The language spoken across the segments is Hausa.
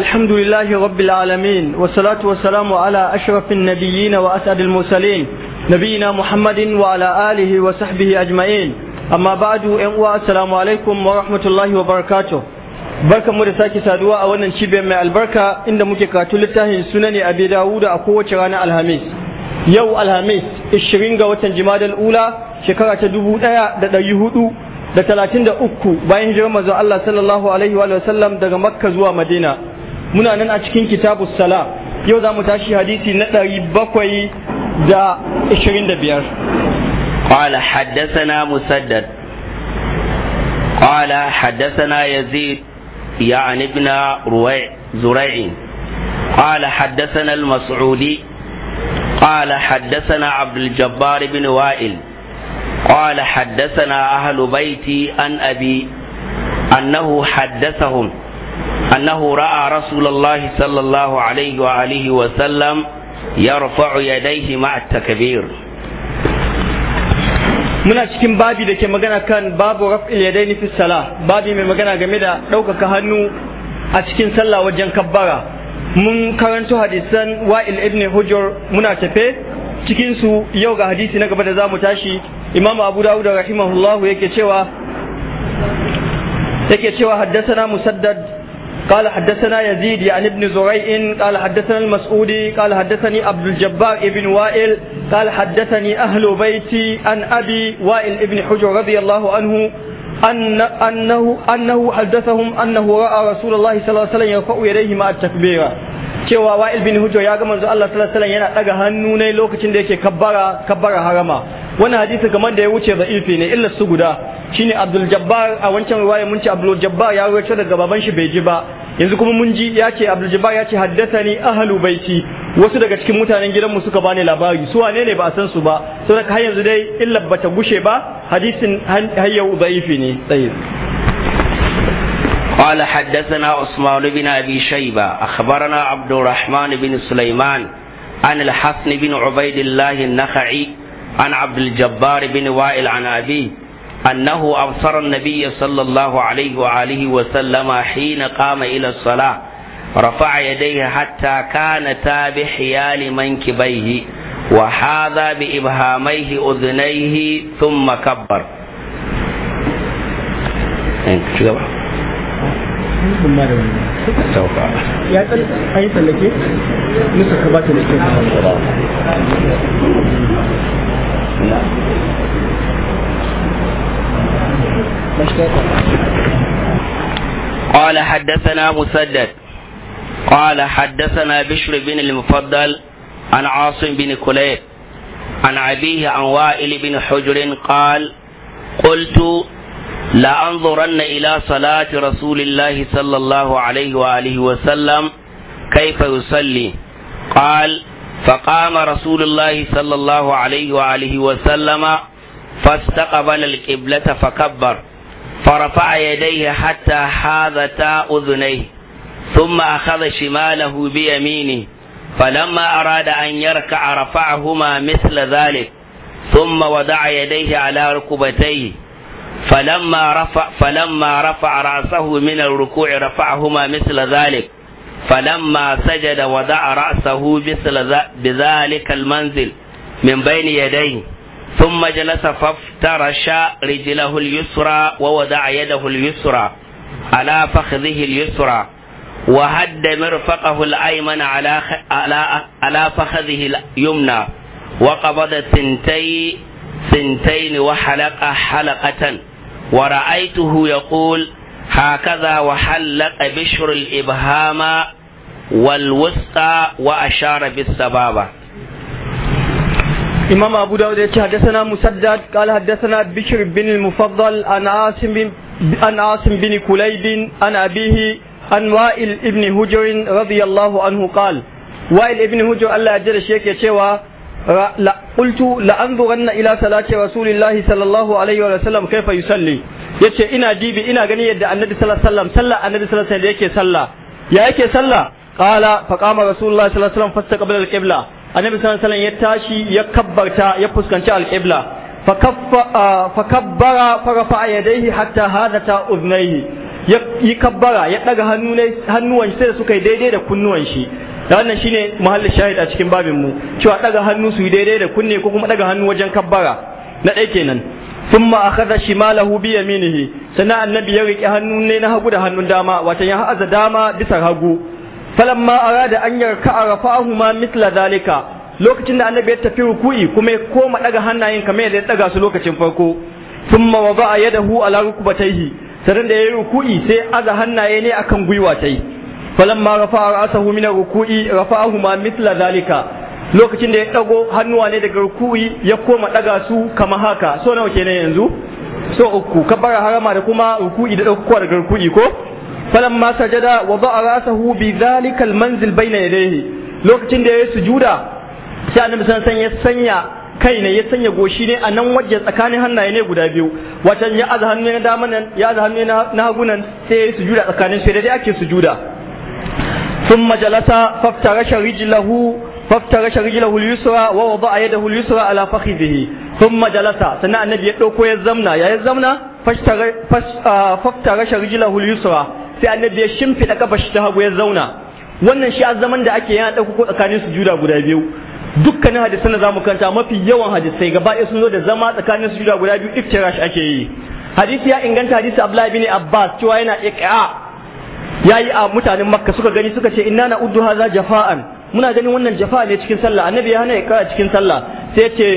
الحمد لله رب العالمين والصلاة والسلام على أشرف النبيين وأسعد المرسلين نبينا محمد وعلى آله وصحبه أجمعين أما بعد إن السلام عليكم ورحمة الله وبركاته barkan mu da sake saduwa a wannan cibiyar mai albarka inda muke karatu littafin a abi dawuda a kowace rana alhamis yau alhamis 20 ga watan jimadal ula shekara ta hudu. da talatin da uku bayan jiran manzon Allah sallallahu alaihi wa sallam daga makka zuwa madina muna nan a cikin kitabu sala yau za mu tashi hadisi na ɗari bakwai da ashirin da biyar قال حدثنا مسدد قال حدثنا yazid ya ابن رويع زريع قال حدثنا المسعودي قال حدثنا عبد الجبار بن وائل قال حدثنا أهل بيتي عن أبي أنه حدثهم أنه رأى رسول الله صلى الله عليه وآله وسلم يرفع يديه مع التكبير muna cikin babi da ke magana kan babu raf'il yadaini nufi sala babi mai magana game da ɗaukaka hannu a cikin sallah wajen kabbara mun karanto hadisan wa'il ibn hujur muna tafe cikinsu yau ga hadisi na gaba da za mu tashi imam abu dawud rahimahullahu yake cewa yake cewa haddathana musaddad قال حدثنا يزيد يعني ابن زريع قال حدثنا المسعودي قال حدثني عبد الجبار ابن وائل قال حدثني أهل بيتي عن أبي وائل ابن حجر رضي الله عنه أن أنه أنه حدثهم أنه رأى رسول الله صلى الله عليه وسلم يرفع يديه مع التكبيرة cewa wa'il bin hujjo ya ga manzo Allah sallallahu alaihi wasallam yana daga hannu ne lokacin da yake kabbara kabbara harama wani hadisi kamar da ya wuce za'ifi ne illa su guda shine Abdul Jabbar a wancan riwaya mun ci Abdul Jabbar ya wuce daga baban shi bai ji ba yanzu kuma mun ji ya ce Abdul Jabbar ya ce haddathani ahlu baiti wasu daga cikin mutanen gidanmu suka bani labari su wane ne ba a san su ba saboda har yanzu dai illa bata gushe ba hadisin har yau za'ifi ne tsaye قال حدثنا عثمان بن أبي شيبة أخبرنا عبد الرحمن بن سليمان عن الحسن بن عبيد الله النخعي عن عبد الجبار بن وائل عن أبيه أنه أبصر النبي صلى الله عليه وآله وسلم حين قام إلى الصلاة رفع يديه حتى كانتا بحيال منكبيه وحاذا بإبهاميه أذنيه ثم كبر قال حدثنا مسدد قال حدثنا بشر بن المفضل عن عاصم بن كليب عن أبيه عن وائل بن حجر قال قلت لا أنظرن إلى صلاة رسول الله صلى الله عليه وآله وسلم كيف يصلي قال فقام رسول الله صلى الله عليه وآله وسلم فاستقبل القبلة فكبر فرفع يديه حتى حاذتا أذنيه ثم أخذ شماله بيمينه فلما أراد أن يركع رفعهما مثل ذلك ثم وضع يديه على ركبتيه فلما رفع فلما رفع رأسه من الركوع رفعهما مثل ذلك فلما سجد وضع رأسه مثل بذلك المنزل من بين يديه ثم جلس فافترش رجله اليسرى ووضع يده اليسرى على فخذه اليسرى وهد مرفقه الأيمن على على على فخذه اليمنى وقبض ثنتي ثنتين وحلق حلقة ورأيته يقول هكذا وحلق بشر الإبهام والوسطى وأشار بالسبابة إمام أبو داود حدثنا مسدد قال حدثنا بشر بن المفضل عن عاصم عن عاصم بن كليب عن أبيه عن وائل ابن هجر رضي الله عنه قال وائل ابن هجر الله أجل شيك يتشوى qultu la anzuranna ila salati rasulillahi sallallahu alaihi wa sallam kaifa yusalli yace ina dibi ina gani yadda annabi sallallahu alaihi wasallam sallah annabi sallallahu alaihi wasallam yake sallah ya yake sallah qala fa qama rasulullahi sallallahu alaihi wasallam fastaqbala alqibla annabi sallallahu alaihi wasallam ya tashi ya kabbarta ya fuskanci fa alqibla ah, fakabbara farafa yadaihi hatta hadata uznaihi ya yi kabbara ya daga hannuwan shi sai da suka yi daidai da kunnuwan shi da wannan shine muhallin shahid a cikin babin mu cewa daga hannu su daidai da kunne ko kuma daga hannu wajen kabbara na dai kenan sana annabi شماله rike hannu ne يريك هنو da hannun dama هنو داما واتن dama bisa hagu هقو فلما أراد أن يركع ma mithla zalika lokacin da annabi ya tafi ruku'i kuma ya koma daga hannayen kamar yadda ya daga su lokacin farko thumma wada'a yadahu ala rukbatayhi sannan da yayi ruku'i sai aza hannaye ne akan gwiwa tayi falamma rafa'a ra'sahu min ruku'i rafa'ahu ma mithla zalika lokacin da ya dago hannuwa ne daga ruku'i ya koma daga su kama haka so nawa kenan yanzu so uku kabbara harama da kuma ruku'i da dauko daga ruku'i ko falamma sajada wada'a ra'sahu bi zalika manzil bayna yadayhi lokacin da ya sujuda sai annabi san ya sanya kai ne ya sanya goshi ne a nan waje tsakanin hannaye ne guda biyu wacan ya aza hannu na ya na hagu sai ya sujuda tsakanin su da dai ake sujuda ثم جلس فافترش رجله فافترش رجله اليسرى ووضع يده اليسرى على فخذه ثم جلس سنة النبي يدوكو يزمنا يا يزمنا فافترش رجله اليسرى sai النبي ya shimfiɗa kafa shi ta wannan shi a zaman da ake yana ɗaukako tsakanin sujuda guda biyu dukkanin hadisan da zamu kanta mafi yawan hadisai gaba ɗaya sun zo da zama tsakanin sujuda guda biyu iftirash ake yi hadisi ya inganta hadisi Abdullahi bin Abbas cewa yana iqra yayi a mutanen makka suka gani suka ce inna na'uddu hadha jafa'an muna ganin wannan jafa'a ne cikin sallah annabi ya hana iqa cikin sallah sai ce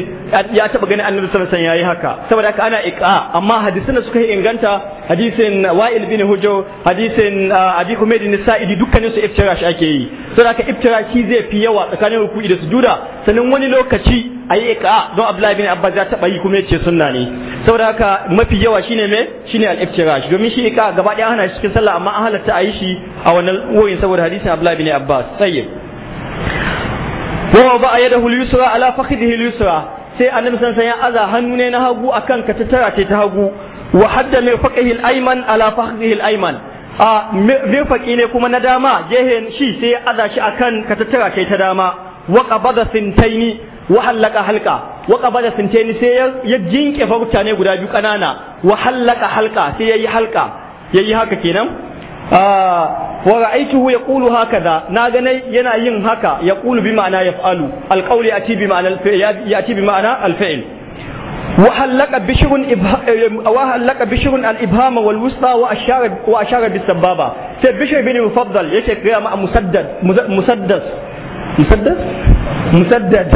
ya taba ganin annabi sallallahu alaihi yayi haka saboda haka ana iqa amma hadisin da suka yi inganta hadisin wa'il bin hujo hadisin uh, abi humayd bin sa'idi dukkanin su iftirash ake yi saboda haka iftirashi zai fi yawa tsakanin ruku'i da sujuda sannan wani lokaci ka don abdullahi bin abbas ya taba yi kuma yace sunna ne saboda haka mafi yawa shine me shine al-iftirash domin shi ka gaba ɗaya ana cikin sallah amma an halatta a yi shi a wannan wurin saboda hadisin abdullahi bin abbas tayyib wa ba yadahu al-yusra ala fakhidhihi al-yusra sai annabi san san ya aza hannu ne na hagu akan ka ta tara ta hagu wa hadda mirfaqihi al-ayman ala fakhidhihi al-ayman a mirfaqi ne kuma na dama jehen shi sai ya aza shi akan ka ta tara ta dama wa qabada sintaini wa hallaka halka wa qabada sintaini sai ya jinke farta ne guda biyu kanana wa hallaka halka sai yayi halka yayi haka kenan ah, wa ra'aytuhu yaqulu hakaza na ga yana yin haka yaqulu bi ma'ana yaf'alu alqawli yati bi ma'ana al-fi'l yati bi ma'ana al wa hallaka bishrun eh, wa hallaka bishrun al-ibhama wal wusta wa ashara wa ashara bis sababa sai bishr bin mufaddal yake kira ma musaddad musaddas musaddad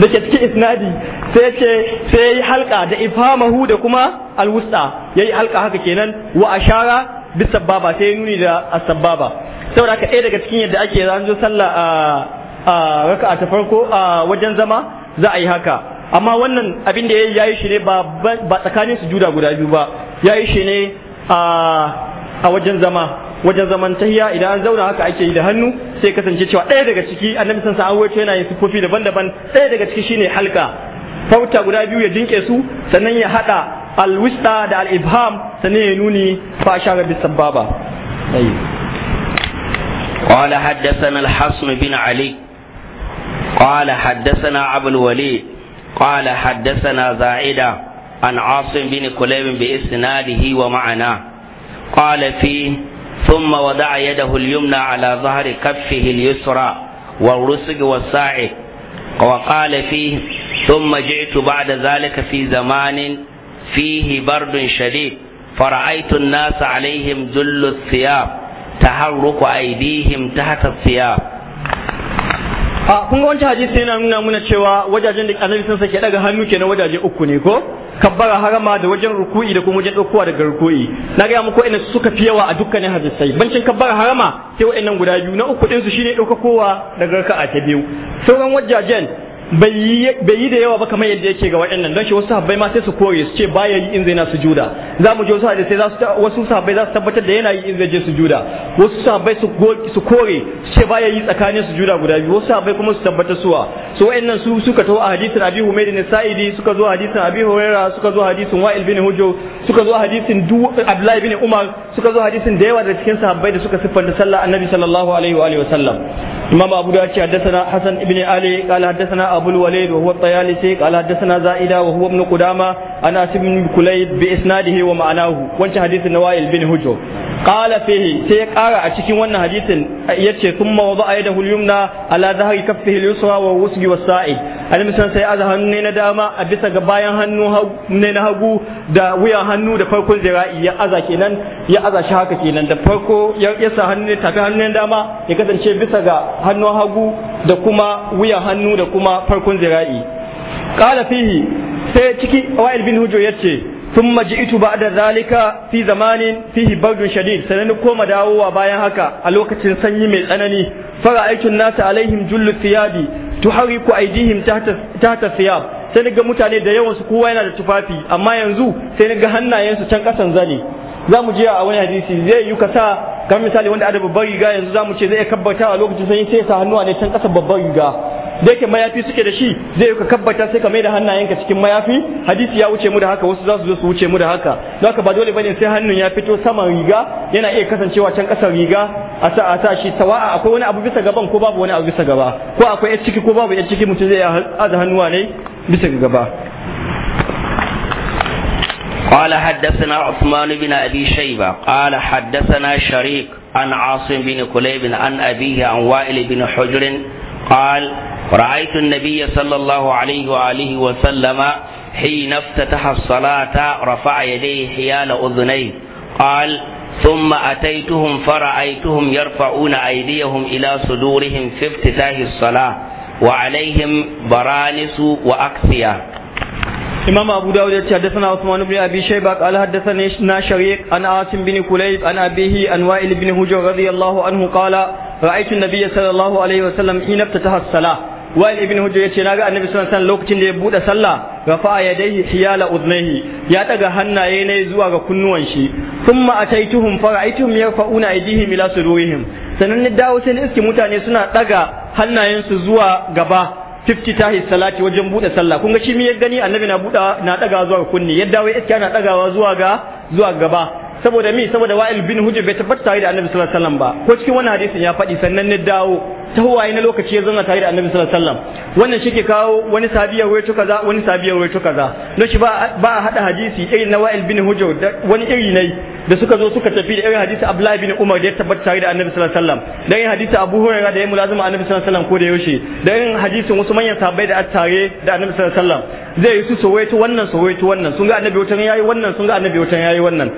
da ke cikin isnadi sai ce sai yi halka da ifhamahu da kuma alwusta yayi halka haka kenan wa ashara bis sababa sai nuni da asbaba saboda haka ɗaya daga cikin yadda ake ranjo sallah a raka'a ta farko a wajen zama za a yi haka amma wannan abin da ya yi shi ne ba tsakanin sujuda guda biyu ba ya yi shi ne a wajen zama wajen zaman tahiya idan an zauna haka ake yi da hannu sai kasance cewa ɗaya daga ciki annabi san sa an yana yin sufofi daban-daban ɗaya daga ciki shine halka fauta guda biyu ya dinke su sannan ya hada alwista da al-ibham sannan ya nuni fa shara bisan baba قال حدثنا الحصن بن علي قال حدثنا أبو الوليد قال حدثنا زائدة عن عاصم بن كليب بإسناده ومعناه قال فيه ثم وضع يده اليمنى على ظهر كفه اليسرى والرسغ والساعد وقال فيه ثم جئت بعد ذلك في زمان فيه برد شديد فرأيت الناس عليهم ذل الثياب تحرك أيديهم تحت الثياب a kun ga wancan hadisi yana nuna muna cewa wajajen da annabi sun sake daga hannu kenan wajaje uku ne ko kabbara harama da wajen ruku'i da kuma wajen daukowa daga ruku'i na ga muku inda suka fi yawa a dukkanin hadisai bancin kabbara harama sai wa'annan guda biyu na uku din su shine daukakowa daga raka'a ta biyu sauran wajajen bai yi da yawa ba kamar yadda yake ga waɗannan don shi wasu sahabbai ma sai su kore su ce baya yi in zai na sujuda za mu je wasu hadisai wasu sahabbai za su tabbatar da yana yi in zai je sujuda wasu sahabbai su kore su ce baya yi tsakanin sujuda guda biyu wasu sahabbai kuma su tabbatar suwa so waɗannan su suka taho a hadisin Abi Humayd ne Sa'idi suka zo hadisin Abi Huraira suka zo hadisin Wa'il bin Hujjo suka zo hadisin Abdullahi bin Umar suka zo hadisin da yawa da cikin sahabbai da suka siffanta sallah Annabi sallallahu alaihi wa sallam إمام أبو داود حدثنا حسن بن علي قال حدثنا أبو الوليد وهو الطيالسي قال حدثنا زائدة وهو ابن قدامة أنا ابن كليب بإسناده ومعناه وانش حديث نوائل بن هجو قال فيه سيقارا أتشكين وانا حديث يتشي ثم وضع يده اليمنى على ظهر كفه اليسرى ووسج والسائد almisan sai aza hannu ne na dama a bisa ga bayan hannu ne na hagu da wuyan hannu da farkon zira'i ya aza kenan ya aza shi haka kenan da farko ya sa hannu ne tafi hannu ne dama ya kasance bisa ga hannu hagu da kuma wuyan hannu da kuma farkon zira'i qala fihi sai ciki wa'il bin hujjo ce. ثم جئت بعد ذلك في زمان فيه برد شديد سنن كوما داووا bayan haka a lokacin sanyi mai tsanani fara'aitu nasa alaihim jullu thiyabi tuhariku aidihim tahta tahta thiyab sai naga mutane da yawan su kowa yana da tufafi amma yanzu sai ga hannayen su can kasan zane za mu je a wani hadisi zai yi kasa kamar misali wanda ada babbar riga yanzu za mu ce zai kabbata a lokacin sanyi sai sa hannuwa ne can kasa babbar riga da yake mayafi suke da shi zai yi ka kabbata sai ka mai da hannayenka cikin mayafi hadisi ya wuce mu da haka wasu za su zo su wuce mu da haka don haka ba dole bane sai hannun ya fito saman riga yana iya kasancewa can kasar riga a sa a sa shi sawa'a akwai wani abu bisa gaban ko babu wani abu bisa gaba ko akwai yar ciki ko babu yar ciki mutum zai aza hannuwa ne bisa gaba قال حدثنا عثمان بن أبي شيبة قال حدثنا شريك عن عاصم بن كليب عن أبيه عن وائل بن حجر قال رأيت النبي صلى الله عليه وآله وسلم حين افتتح الصلاة رفع يديه حيال أذنيه قال ثم أتيتهم فرأيتهم يرفعون أيديهم إلى صدورهم في افتتاح الصلاة وعليهم برانس وأكثية إمام أبو داود حدثنا عثمان بن أبي شيبة قال حدثنا شريك عن عاصم بن كليب عن أبيه عن وائل بن هجر رضي الله عنه قال رأيت النبي صلى الله عليه وسلم حين افتتح الصلاة wa'il ibn ce yace naga annabi sallallahu alaihi wasallam lokacin da ya buɗe sallah rafa yadayhi hiyala uzmaihi ya daga hannaye ne zuwa ga kunnuwan shi thumma ataituhum fara'aituhum yarfa'una aydihim ila sudurihim sanan ni dawo sai iske mutane suna daga hannayensu zuwa gaba tiftitahi salati wajen buɗe sallah kun ga shi mi ya gani annabi na buda na daga zuwa kunni ya dawo iska na dagawa zuwa ga zuwa gaba saboda mi saboda wa'il bin hujr bai tabbata tare da annabi sallallahu alaihi wasallam ba ko cikin wannan hadisin ya faɗi sannan ne dawo ta huwaye na lokaci ya zauna tare da annabi sallallahu alaihi wasallam wannan shi ke kawo wani sabiya wayo kaza wani sabiya wayo kaza don shi ba ba hada hadisi irin na wa'il bin hujr wani iri ne da suka zo suka tafi da irin hadisi Abdullahi bin Umar da ya tabbata tare da Annabi sallallahu alaihi wasallam da irin hadisi Abu Hurairah da ya mulazama Annabi sallallahu alaihi wasallam ko da yaushe da irin hadisin wasu manyan sahabbai da attare da Annabi sallallahu alaihi wasallam zai yi su sowaito wannan sowaito wannan sun ga Annabi wutan yayi wannan sun ga Annabi wutan yayi wannan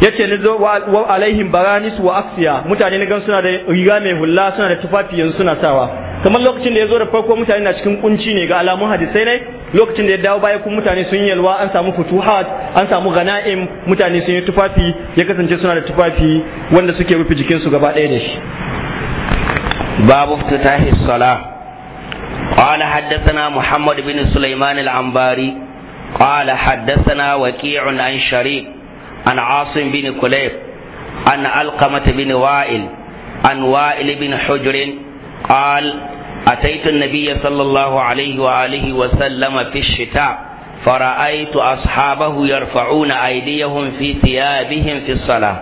yace ni zo wa alaihim baranis wa aksiya mutane ni gan suna da riga mai hulla suna da tufafi yanzu suna sawa kamar lokacin da ya zo da farko mutane na cikin kunci ne ga alamun hadisai ne lokacin da ya dawo baya kuma mutane sun yalwa an samu futuhat an samu ganaim mutane sun yi tufafi ya kasance suna da tufafi wanda suke rufe su gaba ɗaya da shi babu fitahi sala haddathana muhammad bin sulaiman al العنباري qala haddathana waqi'un an shariq عن عاصم بن كليب عن علقمة بن وائل عن وائل بن حجر قال أتيت النبي صلى الله عليه وآله وسلم في الشتاء فرأيت أصحابه يرفعون أيديهم في ثيابهم في الصلاة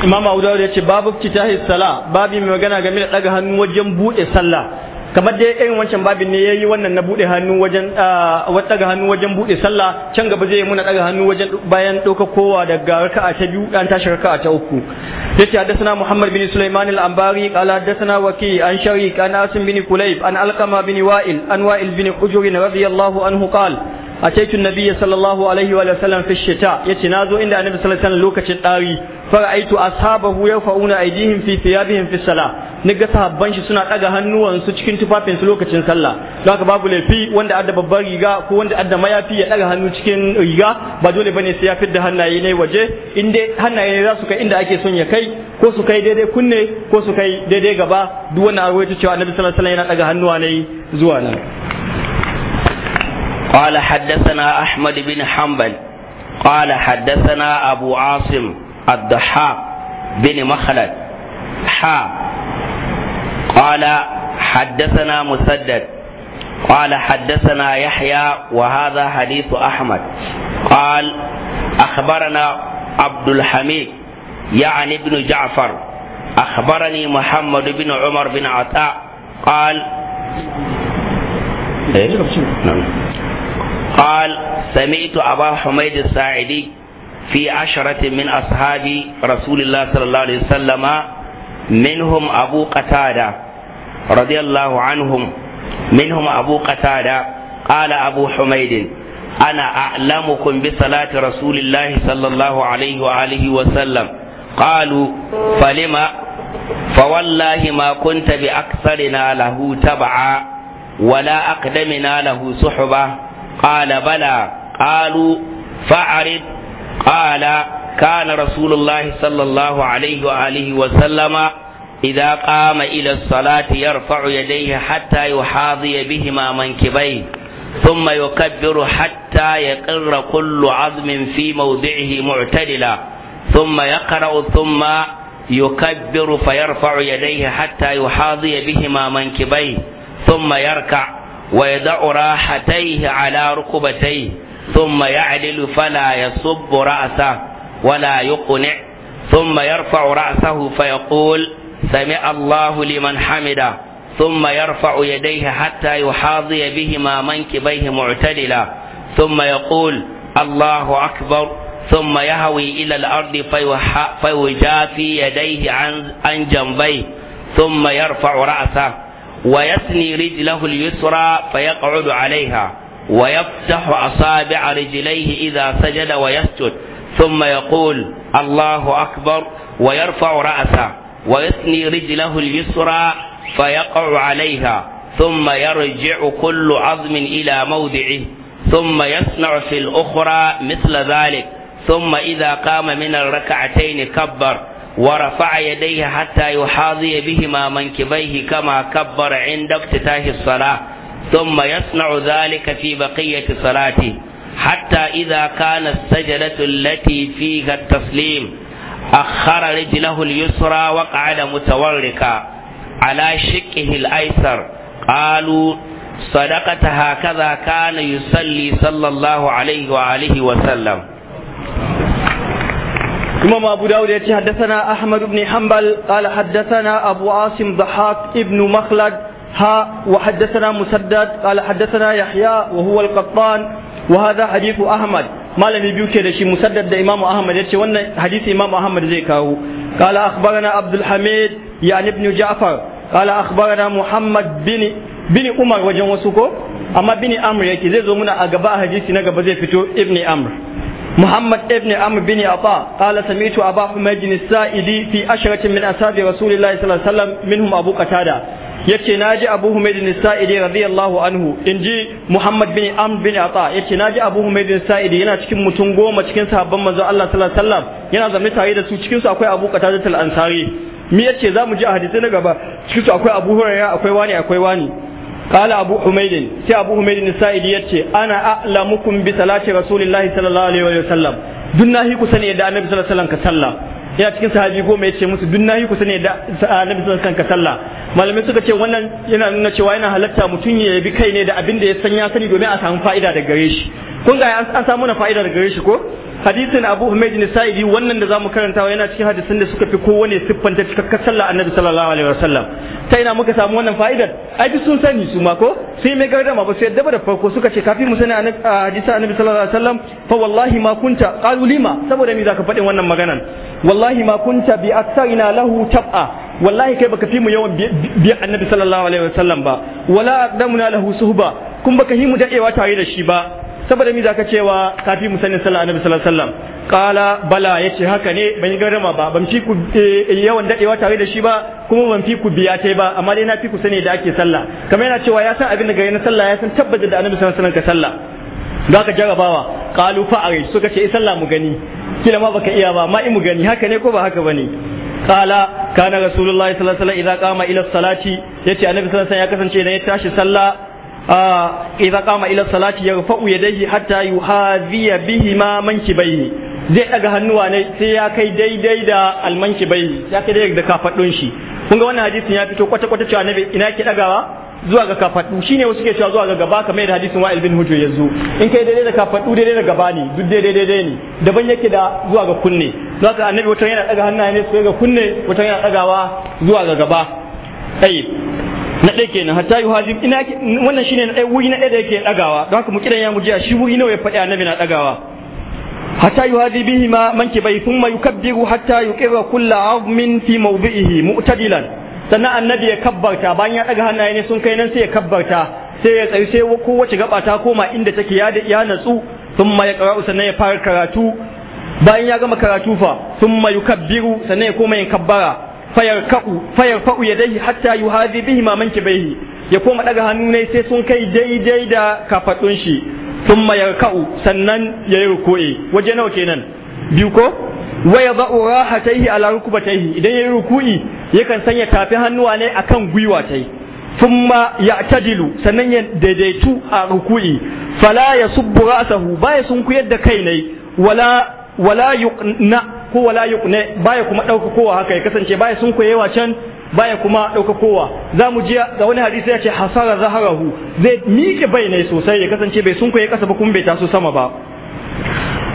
Imam Abu Dawud ya ce babu fitahi sala babi mai magana game da daga hannu wajen bude sallah kamar dai irin wancan babin ne ya yi wannan na bude hannu wajen daga hannu wajen bude sallah can gaba zai yi muna daga hannu wajen bayan dauka kowa daga a ta biyu dan tashi a ta uku yace hadathana muhammad bin sulaiman al kala qala hadathana waki an shari an asim bin kulayb an alqama bin wa'il an wa'il bin hujr radiyallahu anhu qala a alaihi wa الله عليه وسلم في الشتاء يتنازو yace nazo inda الله عليه وسلم لوكة الآوي فرأيت ashabahu yafauna aidihim fi thiyabihim fi الصلاة niga sahabban shi suna hannuwan hannuwansu cikin tufafin su lokacin sallah don haka babu laifi wanda adda babbar riga ko wanda adda mayafi ya daga hannu cikin riga ba dole bane sai ya fidda hannaye ne waje in hannaye ne za su kai inda ake son ya kai ko su kai daidai kunne ko su kai daidai gaba duk wannan arwaito cewa annabi sallallahu alaihi sallam yana daga hannuwa ne zuwa nan قال حدثنا أحمد بن حنبل قال حدثنا أبو عاصم الضحاك بن مخلد حا قال حدثنا مسدد قال حدثنا يحيى وهذا حديث أحمد قال أخبرنا عبد الحميد يعني ابن جعفر أخبرني محمد بن عمر بن عطاء قال إيه؟ نعم. قال سمعت أبا حميد الساعدي في عشرة من أصحاب رسول الله صلى الله عليه وسلم منهم أبو قتادة رضي الله عنهم منهم أبو قتادة قال أبو حميد أنا أعلمكم بصلاة رسول الله صلى الله عليه وآله وسلم قالوا فلما فوالله ما كنت بأكثرنا له تبعا ولا أقدمنا له صحبة قال بلى قالوا فأعرض قال كان رسول الله صلى الله عليه وآله وسلم إذا قام إلى الصلاة يرفع يديه حتى يحاضي بهما منكبيه ثم يكبر حتى يقر كل عظم في موضعه معتدلا ثم يقرأ ثم يكبر فيرفع يديه حتى يحاضي بهما منكبيه ثم يركع ويضع راحتيه على ركبتيه ثم يعدل فلا يصب رأسه ولا يقنع ثم يرفع رأسه فيقول سمع الله لمن حمده ثم يرفع يديه حتى يحاضي بهما منكبيه معتدلا ثم يقول الله أكبر ثم يهوي إلى الأرض فيجافي يديه عن جنبيه ثم يرفع رأسه ويثني رجله اليسرى فيقعد عليها ويفتح أصابع رجليه إذا سجد ويسجد ثم يقول الله أكبر ويرفع رأسه ويثني رجله اليسرى فيقع عليها ثم يرجع كل عظم إلى موضعه ثم يصنع في الأخرى مثل ذلك ثم إذا قام من الركعتين كبر ورفع يديه حتى يحاذي بهما منكبيه كما كبر عند افتتاح الصلاة ثم يصنع ذلك في بقية صلاته حتى إذا كان السجدة التي فيها التسليم أخر رجله اليسرى وقعد متوركا على شقه الأيسر قالوا صدقت هكذا كان يصلي صلى الله عليه وآله وسلم إمام أبو داود يأتي حدثنا أحمد بن حنبل قال حدثنا أبو عاصم ضحاك ابن مخلد ها وحدثنا مسدد قال حدثنا يحيى وهو القطان وهذا حديث أحمد malami biyu ke da shi musaddad da imam ahmad ya ce wannan hadisi imamu ahmad zai kawo qala akhbarana abdul hamid yani ja'far qala akhbarana muhammad bin umar wajen wasu ko amma bini amr yake zai zo muna a gaba a hadisi na gaba zai fito ibni amr محمد ابن عمرو بن عطاء قال سميت أبا حميد السائد في أشرة من أصحاب رسول الله صلى الله عليه وسلم منهم أبو قتادة yace ji Abu Humayd Sa'idi radiyallahu anhu inji Muhammad bin Amr bin Ata yace ji Abu Humayd Sa'idi yana cikin mutum goma cikin sahabban manzon Allah sallallahu alaihi wasallam yana zaune tare da su cikin su akwai Abu al-Ansari mi yace zamu ji a hadisi na gaba cikin su akwai Abu Hurairah akwai wani akwai wani قال أبو حميد سي أبو حميد السائد يتي أنا أعلمكم بصلاة رسول الله صلى الله عليه وسلم دنا هي كسني يدعى النبي صلى الله عليه وسلم كسلا يا cikin sahabi goma ya ce musu duk nahi ku sani da annabi sallallahu alaihi sallah malamai suka ce wannan yana nuna cewa yana halatta mutum ya bi kai ne da abin da ya san ya sani domin a samu fa'ida da gare shi kun ga an samu na fa'ida gare shi ko hadisin Abu ne Nisa'idi wannan da zamu karantawa yana cikin hadisin da suka fi kowane siffanta cikakka sallar Annabi sallallahu alaihi wasallam ta ina muka samu wannan fa'idar ai sun sani su ma ko sai mai gardama ba su yadda ba da farko suka ce kafin mu sani hadisin Annabi sallallahu alaihi wasallam fa wallahi ma kunta qalu lima saboda me zaka faɗin wannan maganan wallahi ma kunta bi aksarina lahu tab'a wallahi kai baka fi mu yawan bi annabi sallallahu alaihi wasallam ba wala aqdamuna lahu suhba kun baka himu dadewa tare da shi ba saboda mi zaka cewa kafi mu sanin sallah annabi sallallahu alaihi wasallam qala bala yace haka ne ban rama ba ban fi ku eh, eh, yawan dadewa tare da shi ba kuma ban fi ku biya tai ba amma dai na fi ku sani da ake sallah kamar yana cewa ya san abin da gari na sallah ya san tabbata da annabi sallallahu alaihi wasallam ka sallah za ka jarabawa qalu fa ari suka ce eh, sallah mu gani kila ma baka iya ba ma in mu gani haka ne ko ba haka bane قال kana rasulullahi sallallahu alaihi wasallam idan وسلم ila salati yace annabi sallallahu alaihi wasallam ya kasance وسلم ya tashi sallah idan kama ila salati yarfa'u yadayhi hatta yuhaziya bihima mankibaini zai daga hannuwa ne sai ya kai daidai da almankibaini ya kai daidai da kafadun shi kun ga wannan hadisin ya fito kwata kwata cewa nabi ina ke dagawa zuwa ga kafadu shine wasu ke cewa zuwa ga gaba kamar da hadisin Wa'il bin Hujr yanzu in kai daidai da kafadu daidai da gaba ne duk daidai daidai ne daban yake da zuwa ga kunne zaka annabi wata yana daga hannaye ne sai ga kunne wata yana dagawa zuwa ga gaba tayyib na ɗaya kenan hatta yi hajim ina wannan shine na ɗaya wuri na ɗaya da yake ɗagawa don haka mu kiran ya mu jiya shi wuri nawa ya faɗi annabi na ɗagawa hatta yi hajji bihi ma man ke bai yi kabbiru hatta yuqirra kulla min fi mawdi'ihi mu'tadilan sannan annabi ya kabbarta bayan ya ɗaga hannaye ne sun kai nan sai ya kabbarta sai ya tsayi sai kowace gaba ta koma inda take ya ya natsu ma ya ƙara'u sannan ya fara karatu bayan ya gama karatu fa sun thumma yukabbiru sannan ya koma yin kabbara fayarka'u fayarfa'u yadayhi hatta yuhadi bihi ma mankibaihi ya koma daga hannu ne sai sun kai daidai da kafadun shi thumma yarka'u sannan yayi ruku'i waje nawa kenan biyu ko wa yadau rahatayhi ala rukbatayhi idan yayi ruku'i yakan sanya tafi hannuwa ne akan gwiwa tai thumma ya'tadilu sannan ya daidaitu a ruku'i fala yasubbu ra'sahu baya sun ku yadda kai ne wala wala yuqna ko wala yuqne baya kuma kowa haka ya kasance baya sun koyewa can baya kuma kowa za ji ga wani hadisi ya ce hasara zaharahu zai mike bai sosai ya kasance bai sun koye kasa ba kuma bai taso sama ba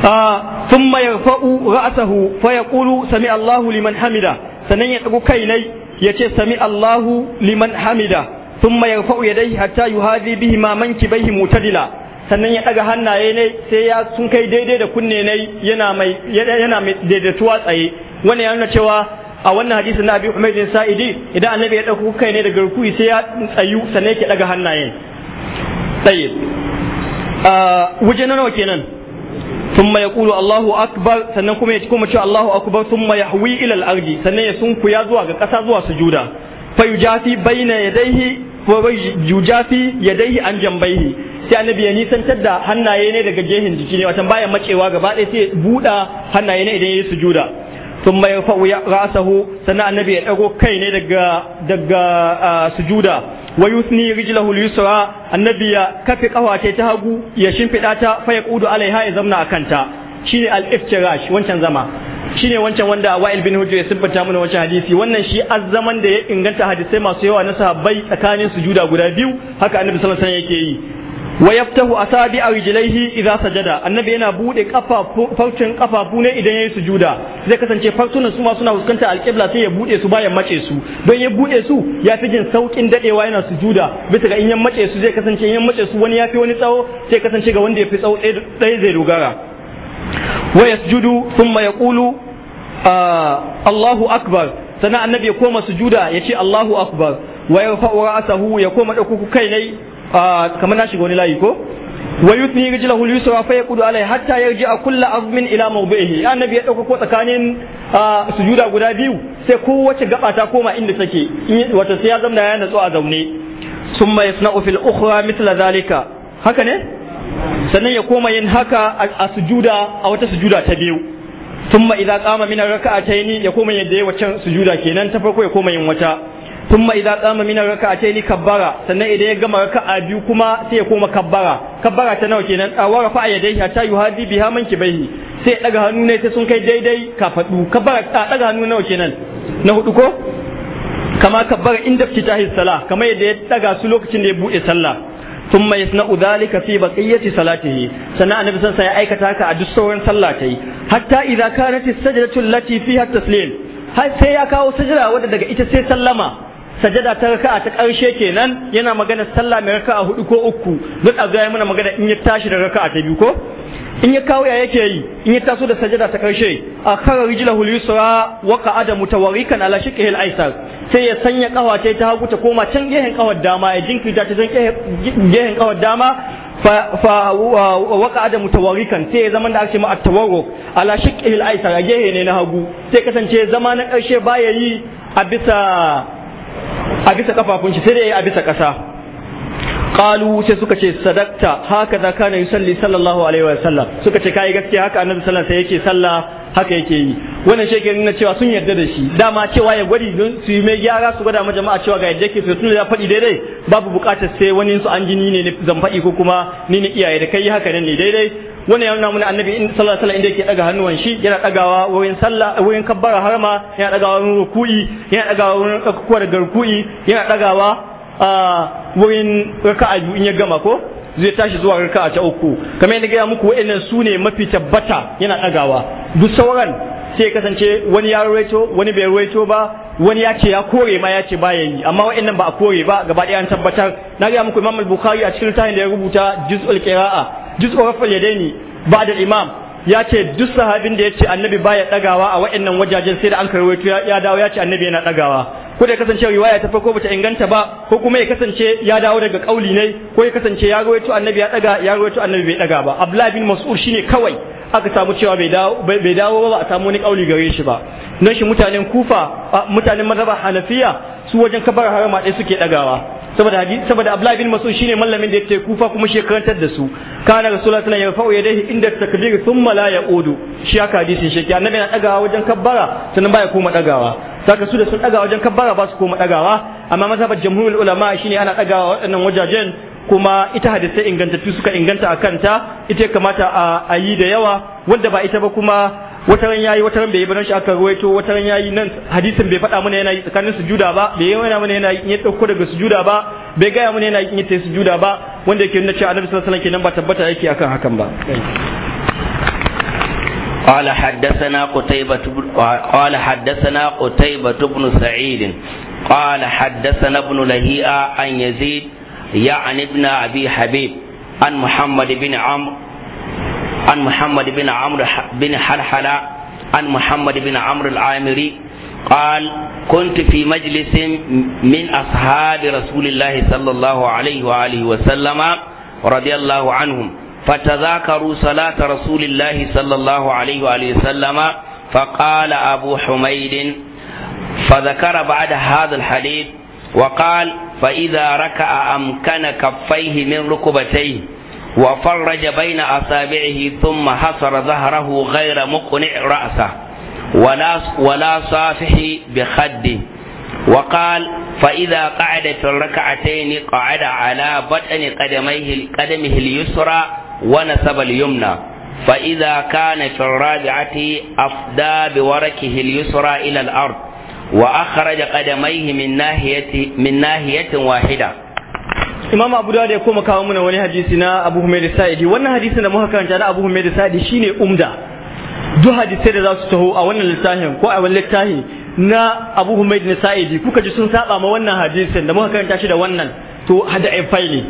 a ah, thumma yarfa'u فيقول fa yaqulu sami Allahu sannan ya sanan kai nai ya ce sami Allahu liman hamida thumma yarfa'u yadayhi hatta yuhadi bihi ma manki bihi mutadila sannan ya ɗaga hannaye ne sai ya sun kai daidai da kunne ne yana mai yana mai daidaituwa tsaye Wani ya nuna cewa a wannan hadisi na Abi Umayd bin Sa'idi idan annabi ya ɗauko kai ne daga rukui sai ya tsayu sannan yake ɗaga hannaye. tsaye waje na nawa kenan thumma yaqulu Allahu akbar sannan kuma ya ci kuma cewa Allahu akbar thumma yahwi ila al-ardi sannan ya sunkuya zuwa ga ƙasa zuwa sujuda fayujafi baina yadayhi wa yujafi yadayhi an jambaihi sai annabi ya nisantar da hannaye ne daga gehin jiki ne watan bayan macewa gaba ɗaya sai buɗa hannaye ne idan ya yi sujuda sun mai fa'u ya rasahu sannan annabi ya ɗago kai ne daga sujuda wa yusni rijlahu yusra annabi ya kafe kawace ta hagu ya shimfiɗa ta fa ya alaiha ya zamna akanta shine al-iftirash wancan zama shine wancan wanda Wa'il bin Hujr ya siffanta mana wancan hadisi wannan shi azzaman da ya inganta hadisai masu yawa na sahabbai tsakanin sujuda guda biyu haka Annabi sallallahu alaihi wasallam yake yi wa yaftahu asabi a rijilaihi idza sajada annabi yana bude kafa fautin kafafu ne idan yayi sujuda zai kasance fautunan su ma suna fuskantar alqibla sai ya bude su bayan mace su don ya bude su ya fi jin saukin dadewa yana sujuda bisa ga in yan mace su zai kasance in yan mace su wani yafi wani tsawo sai kasance ga wanda yafi tsawo ɗaya zai dogara wa yasjudu thumma yaqulu ah, Allahu akbar sannan annabi ya koma sujuda ya ce Allahu akbar wa yarfa'u ra'sahu ya koma dauko kai nai kamar na shiga wani layi ko wa yutni rijlahu yusra fa yaqudu alai hatta yarji'a kullu azmin ila mawdi'ihi annabi ya dauko ko tsakanin sujuda guda biyu sai kowace gaba ta koma inda take wato sai ya zamna ya natsu a zaune summa yasna'u fil ukhra mithla zalika haka ne sannan ya koma yin haka a sujuda a wata sujuda ta biyu thumma idza qama min raka'ataini ya koma yadda yayin wacce sujuda kenan ta farko ya koma yin wata Tumma idan a tsama minar raka a ni kabbara sannan idan gama raka a biyu kuma sai ya koma kabara Kabbara ta nawa kenan a wara fa a yadda ya ta yi hajji biyu haman ki bai sai ɗaga hannu ne sai sun kai daidai ka faɗu. Kabbara a ɗaga hannu nawa kenan na huɗu ko? Kama kabbara in da fita ta sallah kama yadda ya ɗaga su lokacin da ya buɗe sallah. Tumma ya sani udali ka fi ba ƙayyace salat ya yi sannan aikata haka a duk sauran sallah ta yi. Hatta idan ka na ta sajadatu lati fi hatta Sai ya kawo sijira wadda daga ita sai sallama. sajada ta raka'a ta karshe kenan yana magana sallah mai raka'a hudu ko uku duk a ya muna magana in ya tashi da a ta biyu ko in ya kawo ya yake yi in ya taso da sajada ta karshe a kara rijlahu al wa qa'ada mutawarrikan ala shiqihi al-aysar sai ya sanya kawa ta ta hagu ta koma can gehen kawar dama ya jinkirta ta zan gehen kawar dama fa wa qa'ada warikan. sai ya zama da ake ma at-tawarruk ala al-aysar a gehe ne na hagu sai kasance zama na karshe ya yi a bisa a bisa kafafun shi sai da ya a bisa ƙasa qalu sai suka ce sadakta haka da kana yusalli sallallahu alaihi wa sallam suka ce kai gaskiya haka annabi sallallahu alaihi yake salla haka yake yi wannan shi ke nuna cewa sun yarda da shi dama cewa ya gwadi don su yi mai gyara su gwada ma jama'a cewa ga yadda ke sosai, tun da faɗi daidai babu buƙatar sai wani su an jini ne zan faɗi ko kuma ni ne iyaye da kai haka nan ne daidai Wani yana nuna annabi in sallallahu alaihi wasallam inda yake daga hannuwan shi yana dagawa wurin sallah wurin kabbara harma yana dagawa wurin ruku'i yana dagawa wurin kakkuwar garku'i yana dagawa a wurin raka'a in ya gama ko zai tashi zuwa raka'a ta uku kamar yadda ga muku wa'annan su ne mafi tabbata yana dagawa duk sauran sai kasance wani ya ruwaito wani bai ruwaito ba wani ya ce ya kore ma ya ce baya yi amma wa'annan ba a kore ba gaba ɗaya an tabbatar na ga muku Imam Bukhari a cikin littafin da ya rubuta Juz'ul Qira'a juz'u rafal yadaini ba da imam ya ce duk sahabin da ya ce annabi baya dagawa a wa'annan wajajen sai da an karwaito ya dawo ya ce annabi yana dagawa ko da ya kasance riwaya ta farko bata inganta ba ko kuma ya kasance ya dawo daga kauli ne ko ya kasance ya rawaito annabi ya daga ya rawaito annabi bai daga ba abdullahi bin mas'ud shine kawai aka samu cewa bai dawo bai dawo ba a samu wani kauli gare shi ba nan shi mutanen kufa mutanen mazhaba hanafiya su wajen kabar harama ɗaya suke dagawa saboda hadisi saboda Abdullah bin Mas'ud shine mallamin da yake kufa kuma shi karantar da su kana rasulullahi sallallahu alaihi wasallam ya yadayhi inda takbir thumma la yaudu shi haka hadisin shi ke annabi na dagawa wajen kabbara sannan baya koma dagawa saka su da sun dagawa wajen kabbara ba su koma dagawa amma mazhabar jamhurul ulama shine ana dagawa waɗannan wajajen kuma ita hadisai ingantattu suka inganta a kanta ita ya kamata a yi da yawa wanda ba ita ba kuma wata ran yayi wata ran bai yi ba shi aka ruwaito wata ran yayi nan hadisin bai faɗa mana yana yi tsakanin sujuda ba bai yi mana yana yi ya dauko daga sujuda ba bai gaya mana yana yi ta sujuda ba wanda yake nuna cewa annabi sallallahu alaihi wasallam kenan ba tabbata yake akan hakan ba قال حدثنا قتيبة قال حدثنا قتيبة بن سعيد قال حدثنا ابن لهيئة عن يزيد يعني ابن أبي حبيب عن محمد بن عمرو عن محمد بن عمرو بن حلحلة عن محمد بن عمرو العامري قال كنت في مجلس من أصحاب رسول الله صلى الله عليه وآله وسلم رضي الله عنهم فتذاكروا صلاة رسول الله صلى الله عليه وآله وسلم فقال أبو حميد فذكر بعد هذا الحديث وقال فإذا ركع أمكن كفيه من ركبتيه وفرج بين أصابعه ثم حصر ظهره غير مقنع رأسه ولا, ولا صافح بخده وقال فإذا قعد في الركعتين قعد على بطن قدميه قدمه اليسرى ونسب اليمنى فإذا كان في الرابعة أفدى بوركه اليسرى إلى الأرض وأخرج قدميه من ناحية من ناحية واحدة Imam Abu Dawud ya koma kawo mana wani hadisi na Abu Humayd Sa'idi wannan hadisin da muka karanta na Abu Humayd Sa'idi shine umda duk hadisai da za su taho a wannan littafin ko a wannan littafin na Abu Humayd Sa'idi kuka ji sun saba ma wannan hadisin da muka karanta shi da wannan to hada ai faili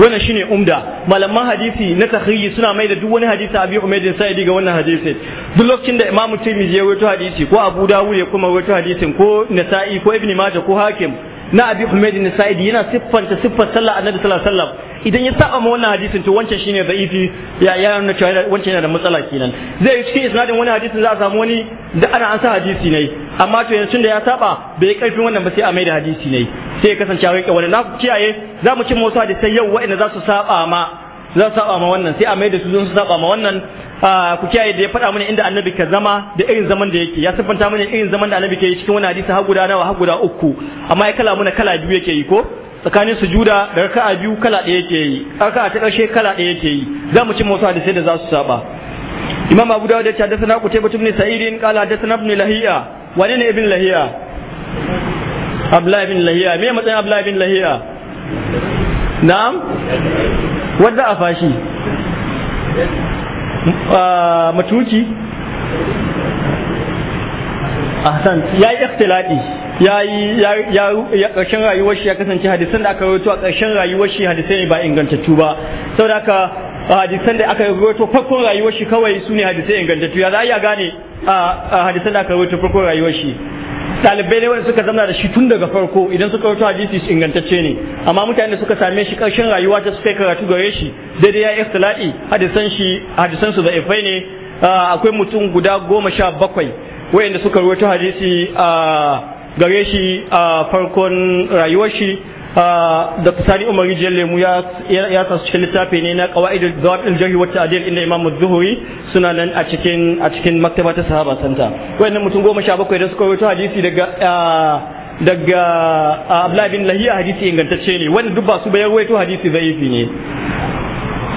wannan shine umda malaman hadisi na tahriji suna mai da duk wani hadisi abu umaydin sa'idi ga wannan hadisi duk lokacin da Imam tirmidhi ya wato hadisi ko abu dawud ya kuma wato hadisin ko nasa'i ko ibn majah ko hakim na abi humayd na sa'idi yana siffanta siffar sallah annabi sallallahu alaihi wasallam idan ya saba ma wannan hadisin to wancan shine da'ifi ya ya nuna cewa wancan yana da matsala kenan zai yi cikin isnadin wani hadisin za a samu wani da ana an sa hadisi ne amma to yanzu da ya saba bai karfin wannan ba sai a mai da hadisi ne sai ya kasance a wani na kiyaye za mu cin wasu hadisai yau waɗanda za su saba ma za su saba ma wannan sai a mai da su sun saba ma wannan ku kiyaye da ya faɗa mana inda annabi ka zama da irin zaman da yake ya siffanta mana irin zaman da annabi ke yi cikin wani hadisi har guda nawa har guda uku amma ya kala mana kala biyu yake yi ko tsakanin sujuda da raka'a biyu kala ɗaya yake yi raka'a ta ƙarshe kala ɗaya yake yi za mu ci wasu hadisai da za su saba imam abu dawud ya ce sanaku ta ibn sa'id qala sanab ni lahiya wani ne ibn lahiya abdullahi ibn lahiya me matsayin abdullahi ibn lahiya na'am wadda a fashi ah, matuki ahsan ya yi ikhtilati ya yi ya karshen rayuwar shi ya kasance hadisan da aka rawaito a karshen rayuwar shi hadisai ne ba ingantattu ba saboda haka hadisan da aka rawaito farkon rayuwar shi kawai su ne hadisai ingantattu ya za a iya gane a hadisan da aka rawaito farkon rayuwar shi talibai ne wanda suka zama da shi tun daga farko idan suka rutu hadisi ingantacce ne amma mutane suka same shi karshen rayuwa ta suka karatu gare shi daidai ya yi ikhtilai hadisan shi hadisan su zaifai ne ah, akwai mutum guda goma sha bakwai wayanda suka rutu hadisi ah, gare shi a ah, farkon rayuwar shi Ah, Dr. Sani Umar Rijiyar Lemu ya tasu cikin littafi ne na ƙawa'idul zawaɗin jari wata adil inda Imam Zuhuri suna nan a cikin a cikin maktaba ta Sahaba Santa. Wayannan mutum goma sha bakwai da suka rawaito hadisi daga ah, daga ah, Abdullahi Lahiya hadisi ingantacce ne wanda duk ba su bayar rawaito hadisi zaifi ne.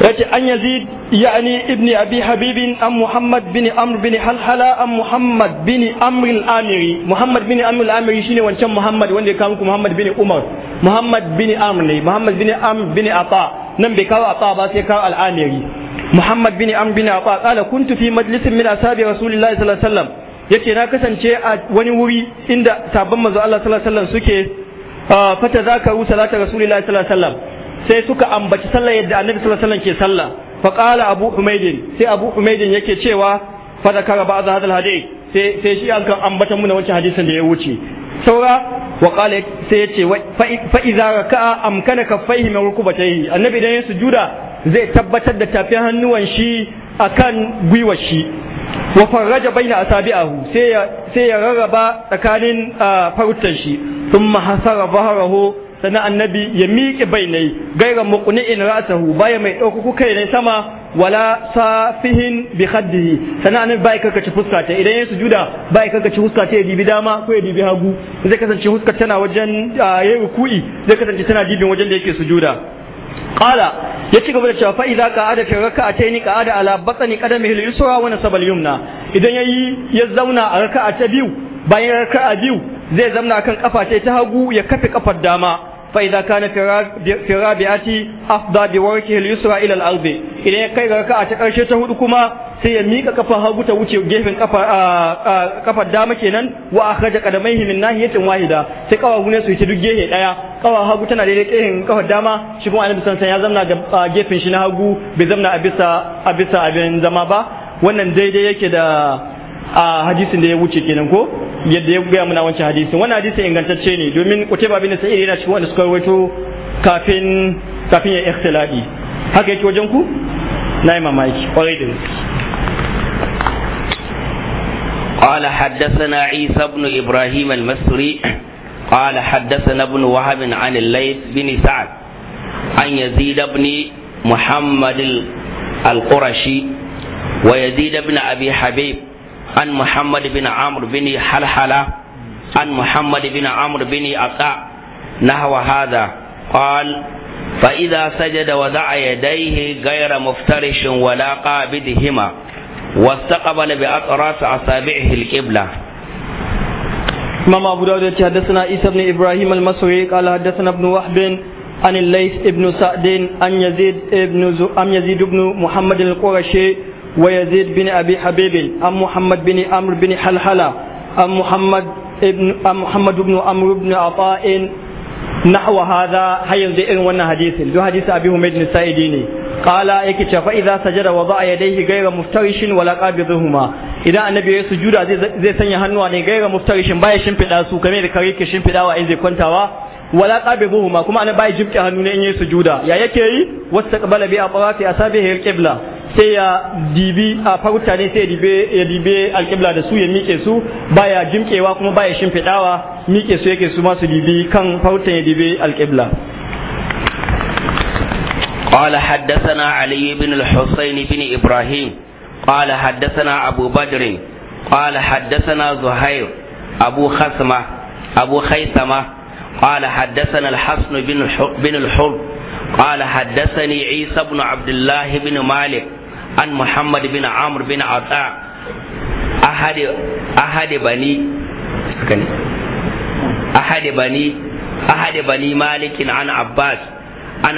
yace an yazid yani ibni abi habibin muhammad bin amr bin halhala muhammad bin amr al-amiri muhammad bin amr al-amiri shine wancan muhammad wanda ya kawo muhammad bin umar muhammad bin amr ne muhammad bin amr bin ata nan bai kawo ata ba sai kawo al-amiri muhammad bin amr bin ata qala kuntu fi majlisin min ashabi rasulillahi sallallahu alaihi wasallam yace na kasance a wani wuri inda sabon manzo Allah sallallahu alaihi wasallam suke ah, fata zakaru salata rasulillahi sallallahu alaihi wasallam sai suka ambaci sallah yadda annabi sallallahu alaihi wasallam ke sallah fa qala abu humaydin sai abu humaydin yake cewa fa zakara ba'd hadal hadith sai sai shi an kan ambata muna wancan hadisin da ya wuce saura wa qala sai yace fa idza raka'a amkana kaffaihi min rukubatayhi annabi dan sujuda zai tabbatar da tafin hannuwan shi akan gwiwar shi wa farraja baina asabi'ahu sai ya sai ya rarraba tsakanin ah, farutan shi thumma hasara bahrahu sana annabi ya miƙe bai ne gaira in ra'sahu baya mai ɗaukaku kai ne sama wala safihin bi khaddihi sana annabi bai karkace fuska ta idan ya sujuda bai karkace fuska ta ya dibi dama ko ya dibi hagu zai kasance fuska tana wajen yayi ruku'i zai kasance tana dibin wajen da yake sujuda qala ya ci gaba da cewa fa idza qa'ada fi raka'atayn qa'ada ala batni qadamihi hil yusra wa nasabal yumna idan yayi ya zauna a raka'a ta biyu bayan raka'a biyu zai zamna kan kafa ta hagu ya kafe kafar dama fa idza kana fi rabi'ati afda bi idan ya kai ga raka'a ta karshe ta hudu kuma sai ya mika kafar hagu ta wuce gefen kafar dama kenan wa akhraja qadamaihi min nahiyatin wahida sai kawawu ne su yi duk gehe daya kawa hagu tana daidai gefen kafar dama shi kuma annabi sallallahu alaihi ya zamna gefen shi na hagu bai zamna a a bisa abin zama ba wannan daidai yake da a hadisin da ya wuce kenan ko yadda ya gaya muna wancan hadisin wannan hadisin ingantacce ne domin babin da sa'iri yana cikin wanda suka rawaito kafin kafin ya ikhtilafi haka yake wajen ku na yi mamaki kwarai da قال حدثنا عيسى بن إبراهيم المصري قال حدثنا ابن وهب عن الليث بن سعد عن يزيد بن محمد القرشي ويزيد بن أبي حبيب عن محمد بن عمرو بن حلحلة عن محمد بن عمرو بن عطاء نحو هذا قال فإذا سجد وضع يديه غير مفترش ولا قابدهما واستقبل بأطراف أصابعه القبلة إمام أبو داود حدثنا عيسى بن إبراهيم المسوي قال حدثنا ابن وهب عن الليث بن سعد عن يزيد بن عن يزيد بن محمد القرشي ويزيد بن أبي حبيب أم محمد بن أمر بن حلحلة أم محمد ابن أم محمد بن أمر بن عطاء نحو هذا هي إن ونا حديث دو حديث أبي حميد السائديني قال يكي فإذا سجد وضع يديه غير مفترش ولا قابضهما idan annabi ya sujuda zai sanya hannuwa ne gaira muftarishin baya shimfiɗa su kamar da kare ke shimfiɗawa in zai kwantawa wala qabibuhuma kuma annabi baya jibta hannu ne in yi sujuda ya yake yi wastaqbala bi atrafi asabihi alqibla sai ya dibi a sai ya dibe alƙibla da su ya miƙe su baya jimkewa kuma baya shimfiɗawa miƙe su yake su masu dibi kan farutta ya dibe alƙibla قال حدثنا علي بن الحسين بن إبراهيم قال حدثنا أبو بدر قال حدثنا زهير أبو خسمة أبو خيثمة قال حدثنا الحسن بن الحر قال حدثني عيسى بن عبد الله بن مالك an muhammad bin amur bin ata ahade ahade bani ahade bani bani an abbas an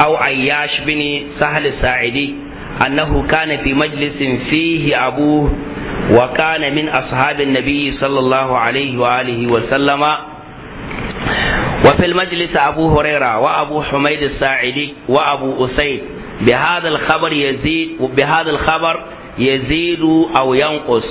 au ayyash bin sahl sa'idi annahu kana fi majlisin fihi abu wa kana min ashabin nabi sallallahu alaihi wa alihi wa sallama وفي المجلس أبو هريرة وأبو حميد الساعدي وأبو أسيد بهذا الخبر يزيد وبهذا الخبر يزيد أو ينقص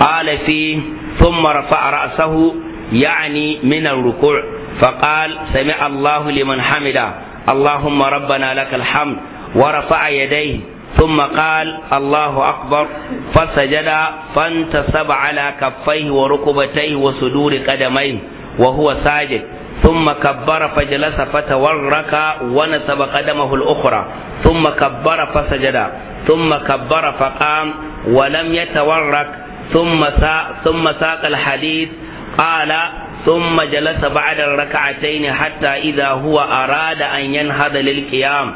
قال فيه ثم رفع رأسه يعني من الركوع فقال سمع الله لمن حمده اللهم ربنا لك الحمد ورفع يديه ثم قال الله أكبر فسجد فانتصب على كفيه وركبتيه وصدور قدميه وهو ساجد ثم كبر فجلس فتورك ونسب قدمه الأخرى ثم كبر فسجد ثم كبر فقام ولم يتورك ثم ساق, ثم ساق الحديث قال ثم جلس بعد الركعتين حتى إذا هو أراد أن ينهض للقيام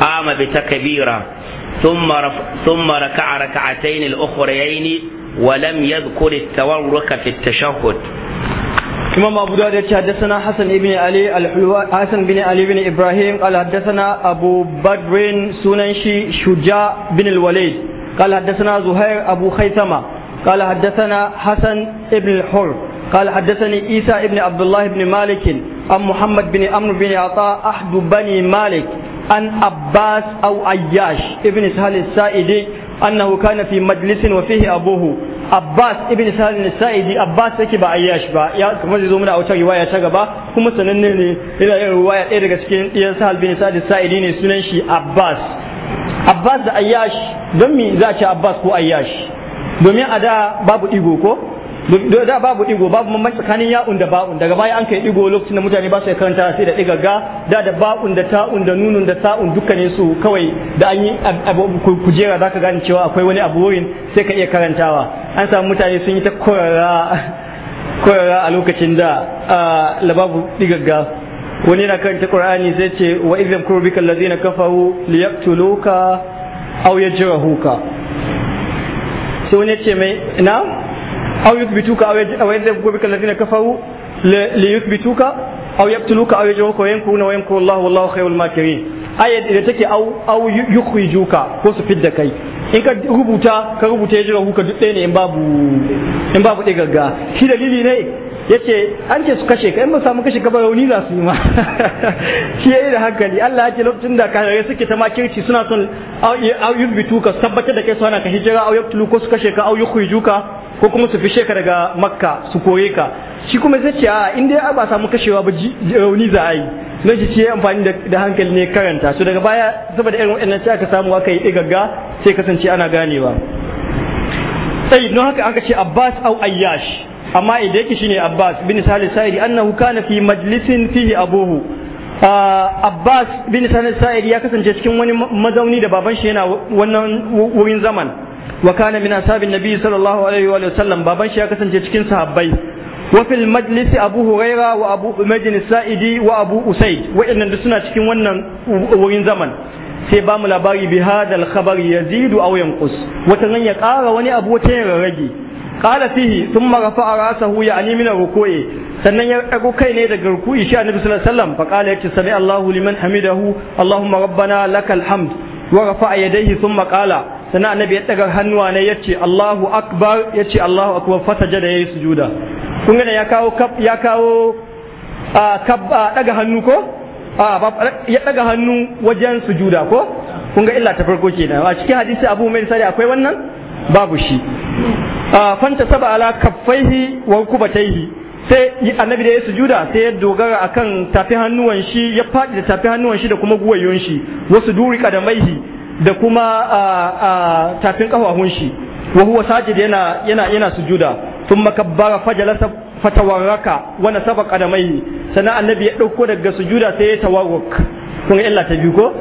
قام بتكبيرة ثم رف... ثم ركع ركعتين الأخريين ولم يذكر التورك في التشهد إمام أبو داود حدثنا حسن بن علي الحلوى حسن بن علي بن إبراهيم قال حدثنا أبو بدر سننشي شجاع بن الوليد قال حدثنا زهير أبو خيثمة قال حدثنا حسن بن الحر قال حدثني عيسى بن عبد الله بن مالك عن محمد بن عمرو بن عطاء أحد بني مالك عن عباس أو عياش ابن سهل السائدي أنه كان في مجلس وفيه أبوه Abbas ibn Salim Sa'idi Abbas yake ba Ayyash ba ya kuma zai zo mana a wata riwaya ta gaba kuma sananne ne yana yin riwaya ɗaya daga cikin ɗiyan Sahal bin Sa'id Sa'idi ne sunan shi Abbas Abbas da Ayyash don me za a ce Abbas ko Ayyash domin a da babu igo ko da babu digo babu mamman tsakanin ya'un da ba'un daga baya an kai digo lokacin da mutane ba su karanta sai da digagga da da ba'un da ta'un da nunun da sa'un dukkanin su kawai da an yi kujera zaka gane cewa akwai wani abu wurin sai ka iya karantawa an samu mutane sun yi ta korara a lokacin da lababu ga. wani yana karanta qur'ani zai ce wa idzam kurbika allazina kafaru liyaqtuluka aw yajrahuka sai wani ya ce mai na aw yuthbituka aw yadhhabuka alladhina kafaru li yuthbituka aw yaqtuluka aw yajruka wa yankuruna wa yankuru Allah wallahu khayrul makirin ayat da take au aw yukhrijuka ko su fidda kai in ka rubuta ka rubuta ya jira kuka duk ne in babu in babu ɗaya gagga shi dalili ne yace an ce su kashe ka in ba samu kashe ka ba rauni za su yi ma shi yayi da hankali Allah ya ce lokacin da kare suke ta makirci suna son au yuzbitu ka tabbatar da kai su hana ka hijira au yaqtulu ko su kashe ka au yukhrijuka ko kuma su fishe ka daga makka su kore ka shi kuma sai ce a inda ya ba samu kashewa ba rauni za a yi na shi ce amfani da hankali ne karanta su daga baya saboda irin waɗannan sai aka samu aka yi ɗigagga sai kasance ana ganewa sai don haka aka ce abbas au ayyash amma idan yake shine abbas bin salih sa'idi annahu kana fi majlisin fihi abuhu abbas bin salih sa'idi ya kasance cikin wani mazauni da baban shi yana wannan wurin zaman wa kana min ashabin sallallahu alaihi wa sallam baban shi ya kasance cikin sahabbai wa majlisi abu huraira wa abu majlis sa'idi wa abu usaid wa'annan suna cikin wannan wurin zaman sai ba mu labari bi hadal khabari yazidu aw yanqus wata nan ya ƙara wani abu wata ya rage sun marafa a rasa huya ya'ni min ruku'i sannan ya dago kai ne daga ruku'i shi annabi sallallahu alaihi wasallam fa yace sami Allahu liman hamidahu Allahumma rabbana lakal hamd warafa rafa'a yadayhi thumma qala sana annabi ya daga hannuwa ne yace Allahu akbar yace Allahu akbar fasaja da yayi sujuda kun ga ya kawo ya kawo a kabba daga hannu ko a ya daga hannu wajen sujuda ko kun ga illa ta farko kenan a cikin hadisi Abu Mai sai akwai wannan babu shi fanta saba ala kaffaihi wa kubataihi sai annabi da ya sujuda sai ya dogara akan tafi hannuwan shi ya faɗi da tafi hannuwan shi da kuma guwayon shi wasu duri kadamaihi da kuma tafin kafafun shi wa huwa sajid yana yana yana sujuda thumma kabbara fajalasa fatawarraka wa nasaba qadamaihi sannan annabi ya dauko daga sujuda sai ya tawarruk kun ga illa ta biyu ko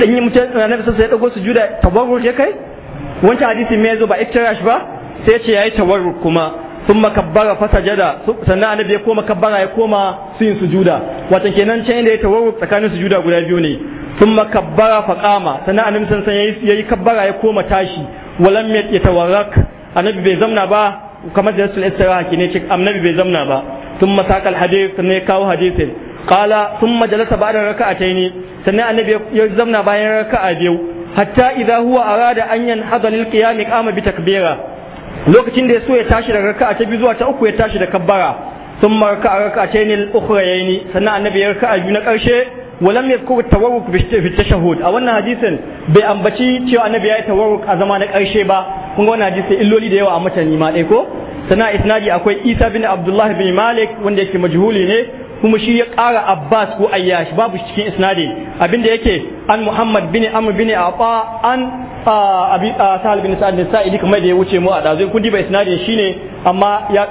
dan yi mutan annabi sai ya dauko sujuda tawarruk ya kai wancan hadisi me zo ba iktirash ba sai ya ce yayi tawarruk kuma thumma kabbara fasajada sannan annabi ya koma kabbara ya koma su yin sujuda wato kenan can inda ya tawarruk tsakanin sujuda guda biyu ne sun makabbara faƙama sannan a nimsan san ya yi kabbara ya koma tashi walam ya ta warak annabi bai zamna ba kamar da sun isa raki ne ce annabi bai zamna ba sun masaka alhadis sun ya kawo hadisin kala sun majalasa ba da raka a taini sannan annabi ya zamna bayan raka a biyu hatta idza huwa arada anyan yan hadalil qiyam qama bi takbira lokacin da ya so ya tashi daga raka'a ta biyu zuwa ta uku ya tashi da kabbara sun marka a raka'a ta yi ne uku sannan annabi ya raka'a biyu na karshe. ولم يذكر التورك في التشهد أو أن حديثا بأنبتي تيو أن بيأي تورك أزمان أرشي با كنغو أن حديث إلو لي ديو أمتني ما إيكو سنا إسنادي أكوي إيسا بن bin الله بن مالك وندي يكي مجهولي ني kuma shi ya ƙara Abbas ko Ayyash babu cikin isnadin abinda yake an Muhammad bin Amr bin Afa an abi bin Sa'ad bin Sa'idi kamar da ya wuce mu a dazu kun diba shi ne amma ya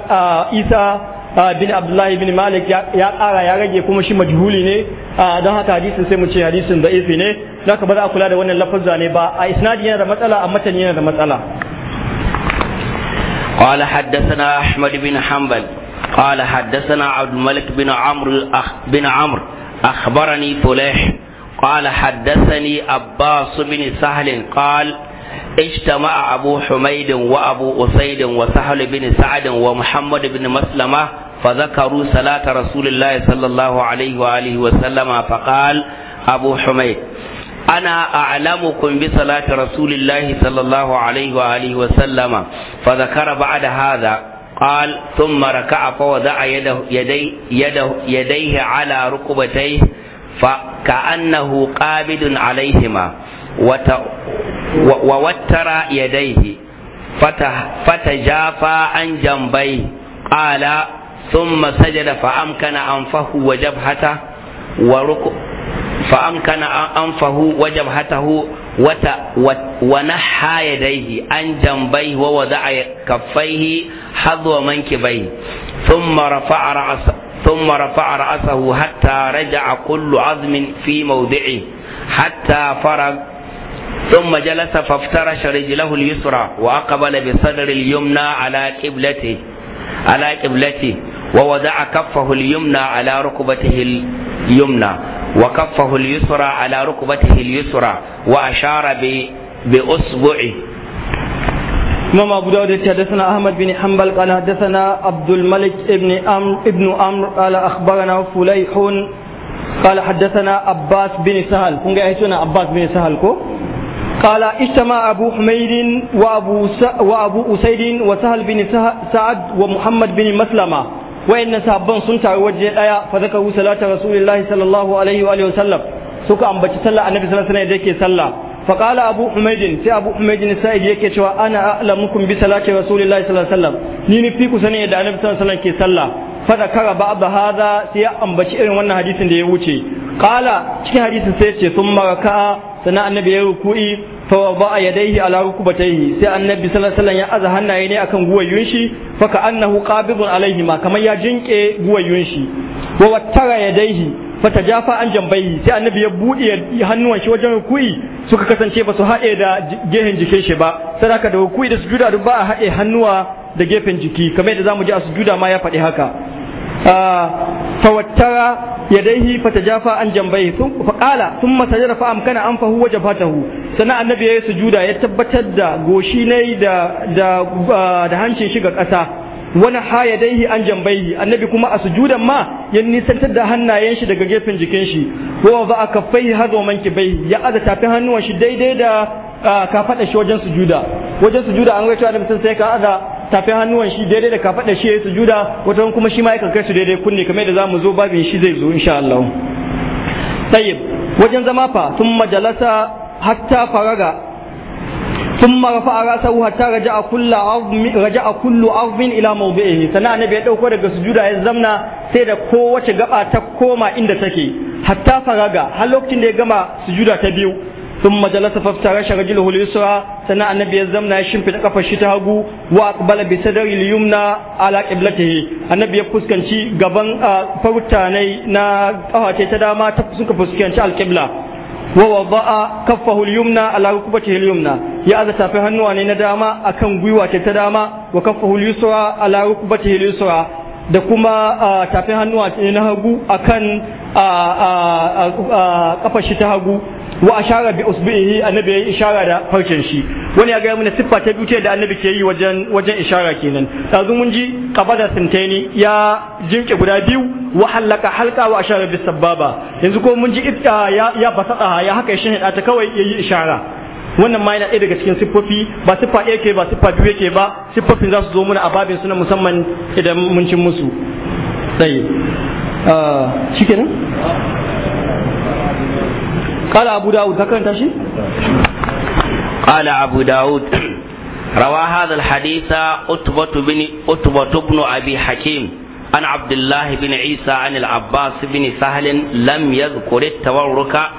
Isa Ah, bin abdullahi bin malik ya kara ya rage kuma shi majhuli ne ah, don haka hadisin sai mu ce hadisin da ifi ne don haka ba za a kula da wannan lafazza ne ba a isnadi yana da matsala a matan yana da matsala قال حدثنا أحمد بن حنبل قال حدثنا عبد الملك بن عمرو بن عمرو أخبرني فليح قال حدثني عباس بن سهل قال اجتمع أبو حميد وأبو أسيد وسهل بن سعد ومحمد بن مسلمة فذكروا صلاة رسول الله صلى الله عليه وآله وسلم فقال أبو حميد أنا أعلمكم بصلاة رسول الله صلى الله عليه وآله وسلم فذكر بعد هذا قال ثم ركع فوضع يده يدي يده يديه على ركبتيه فكأنه قابد عليهما ووتر يديه فتجافى عن جنبيه قال ثم سجد فأمكن أنفه وجبهته ورك فأمكن أنفه وجبهته وت ونحى يديه عن جنبيه ووضع كفيه حذو منكبيه ثم رفع رأسه ثم رفع رأسه حتى رجع كل عظم في موضعه حتى فرغ ثم جلس فافترش رجله اليسرى وأقبل بصدر اليمنى على قبلته على قبلته ووضع كفه اليمنى على ركبته اليمنى وكفه اليسرى على ركبته اليسرى وأشار بأصبعه إمام أبو داود حدثنا أحمد بن حنبل قال حدثنا عبد الملك ابن أمر ابن أمر قال أخبرنا فليح قال حدثنا عباس بن سهل كنت أيتنا عباس بن سهل كو قال اجتمع أبو حميد وأبو س... وأبو أسيد وسهل بن سعد ومحمد بن مسلمة wayannan sahabban sun taru waje daya fa zakaru salata rasulillahi sallallahu alaihi wa alihi wasallam suka ambaci sallah annabi sallallahu alaihi wasallam yake sallah fa qala abu umaydin sai abu umaydin sa'id yake cewa ana a'lamukum bi salati rasulillahi sallallahu alaihi wasallam ni ni fi ku sani da annabi sallallahu alaihi wasallam ke sallah fa da zakara ba'd hadha sai ya ambaci irin wannan hadisin da ya wuce qala cikin hadisin sai ya ce summa raka'a sannan annabi ya ruku'i fa wada yadaihi ala rukbatayhi sai annabi sallallahu alaihi wasallam ya aza hannaye ne akan guwayun shi fa ka annahu qabidun ma kamar ya jinke guwayun shi wa wattara yadaihi fa tajafa an jambayhi sai annabi ya bude hannuwan shi wajen rukui suka kasance ba su haɗe da gehen jikin shi ba sadaka da rukui da sujuda duk ba a haɗe hannuwa da gefen jiki kamar yadda zamu ji a sujuda ma ya faɗi haka ah, fa wattara yadaihi fatajafa an jambai fa qala thumma sajada fa amkana anfahu wa jabhatahu sana annabi yayi sujuda ya tabbatar da goshi ne da da da hancin shi ga ƙasa wani ha yadaihi an jambai annabi kuma a sujudan ma ya nisantar da hannayen shi daga gefen jikin shi wa ba a kafai hazo manki bai ya aza tafin hannuwan shi daidai da kafaɗa shi wajen sujuda wajen sujuda an gaito annabi sai ka aza tafi hannuwan shi daidai da kafaɗa shi ya yi sujuda wata kuma shi ma yakan kai su daidai kunne kamar yadda za mu zo babin shi zai zo insha Allah tayyib wajen zama fa sun majalasa hatta faraga ثم رفع راسه hatta رجع كل عظم رجع كل عظم الى sannan annabi ya dauko daga sujuda ya zamna sai da kowace gaba ta koma inda take hatta faraga har lokacin da ya gama sujuda ta biyu ثم جلس faftara رجله اليسرى yusra sana الزمنا ya zamna shimfida kafar shi ta hagu قبلته النبي bi sadri al-yumna ala qiblatihi annabi ya fuskanci gaban farutanai na ta dama wa wada'a kaffahu al-yumna ala rukbatihi al-yumna ya aza tafi hannu ne na dama akan gwiwa ta dama wa kaffahu al-yusra ala rukbatihi al da kuma tafi hannuwa ne na hagu akan a ta hagu wa ashara bi usbihi annabi yayi ishara da farcen shi wani ya gaya mana siffa ta biyu da annabi ke yi wajen wajen ishara kenan yanzu mun ji qabada sintaini ya jinke guda biyu wa halaka halqa wa ashara bi sababa yanzu ko mun ji itta ya ya haka ya haka shi ta kawai yayi ishara wannan ma yana ɗaya daga cikin siffofi ba siffa ɗaya ke ba siffa biyu ke ba siffofin za su zo mana a babin suna musamman idan mun ci musu tsaye ah, shikenan قال أبو داود كان تشي قال أبو داود روى هذا الحديث أتبة بن أتبة بن أبي حكيم عن عبد الله بن عيسى عن العباس بن سهل لم يذكر التورك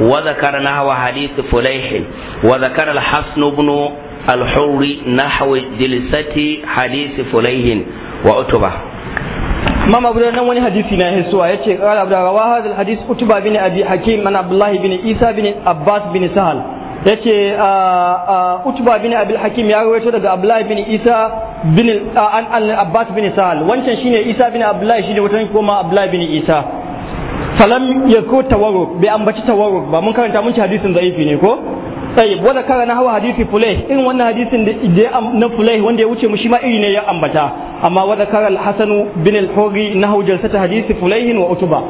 وذكر نحو حديث فليح وذكر الحسن بن الحر نحو جلسة حديث فليح وأتبه imam abu nan wani hadisi na hisuwa yace qala abu rawa hadal hadis utba bin abi hakim an abdullah bin isa bin abbas bin sahal yace utba bin abi hakim ya rawaito daga abdullah bin isa bin an al abbas bin sahal wancan shine isa bin abdullah shine wata kuma abdullah bin isa falam yakut tawarruk bai ambaci tawarruk ba mun karanta mun ci hadisin zaifi ne ko tayyib wanda na hawa hadisi fulai in wannan hadisin na fulai wanda ya wuce mu shi ma iri ne ya ambata amma wanda kara al-hasan na hawjar sata hadisi fulaihin wa utuba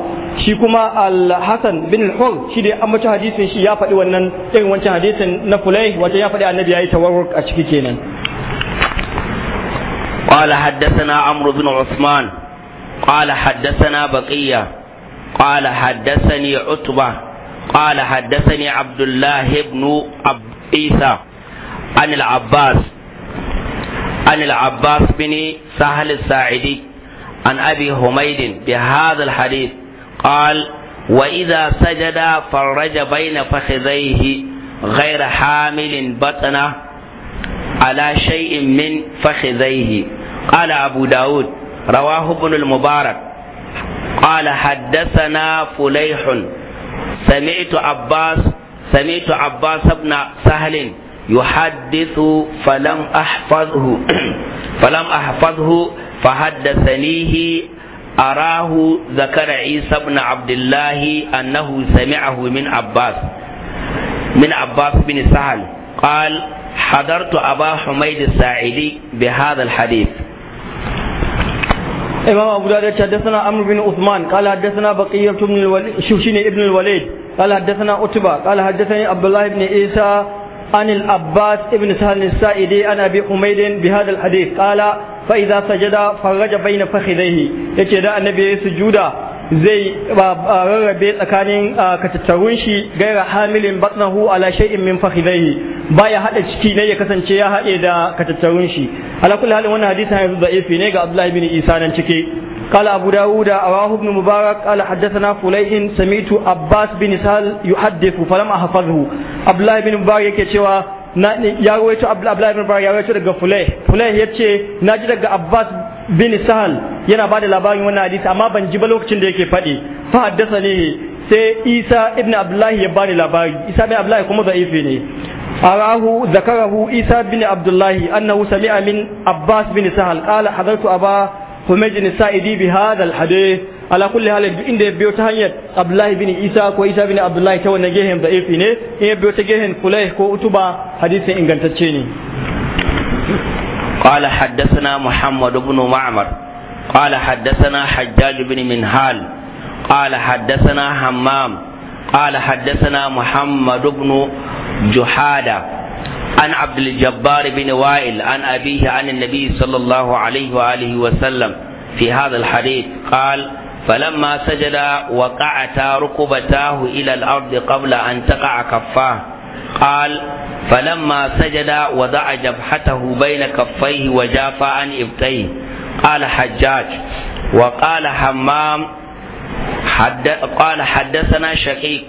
shi kuma al-hasan bin al-hur shi da ya hadisin shi ya faɗi wannan irin wancan hadisin na fulai wata ya faɗi annabi yayi tawarruk a ciki kenan قال حدثنا عمرو بن عثمان قال حدثنا بقيه قال حدثني عتبه قال حدثني عبد الله بن عيسى عن العباس عن العباس بن سهل الساعدي عن أبي حميد بهذا الحديث قال وإذا سجد فرج بين فخذيه غير حامل بطنه على شيء من فخذيه قال أبو داود رواه ابن المبارك قال حدثنا فليح sami'tu abbas sami'tu abbas ibn sahlin yuhaddithu falam ahfazhu falam ahfazhu فحدثنيه أراه ذكر عيسى بن عبد الله أنه سمعه من عباس من عباس بن سهل قال حضرت أبا حميد الساعدي بهذا الحديث إمام أبو داود حدثنا عمرو بن عثمان قال حدثنا بقية بن الوليد شوشني ابن الوليد قال حدثنا عتبة قال حدثني عبد الله بن عيسى عن العباس بن سهل السائدي عن أبي حميد بهذا الحديث قال فإذا سجد فرج بين فخذيه يجد النبي سجودا zai rarrabe tsakanin katattarun shi gaira hamilin batnahu ala shay'in min fakhidaihi baya hada ciki ne ya kasance ya hade da katattarun shi ala kulli halin wannan hadisi yanzu da ifi ne ga Abdullahi bin Isa nan cike قال أبو داود أراه ابن مبارك قال حدثنا فليح سميت عباس بن سهل يحدث فلم أحفظه عبد الله بن مبارك يتشوى ya rawaito Abdullah ibn Mubarak ya rawaito daga Fulay Fulay yace ji daga Abbas bin sahal yana ba da labarin wani hadisi amma ban ji ba lokacin da yake faɗi fa haddasa ne sai isa ibn abdullahi ya ba da labari isa bin abdullahi kuma za'ifi ne arahu zakarahu isa bin abdullahi annahu sami'a min abbas bin sahal qala hadartu aba humayj bin sa'idi bi hadha al ala kulli hal inda biyo ta hanyar abdullahi bin isa ko isa bin abdullahi ta wannan gehen za'ifi ne in biyo ta gehen kulay ko utuba hadisin ingantacce ne قال حدثنا محمد بن معمر قال حدثنا حجاج بن منهال قال حدثنا همام قال حدثنا محمد بن جحادة عن عبد الجبار بن وائل عن أبيه عن النبي صلى الله عليه وآله وسلم في هذا الحديث قال فلما سجد وقعتا ركبتاه إلى الأرض قبل أن تقع كفاه قال فلما سجد وضع جبهته بين كفيه وجافا عن ابتيه قال حجاج وقال حمام حد قال حدثنا شقيق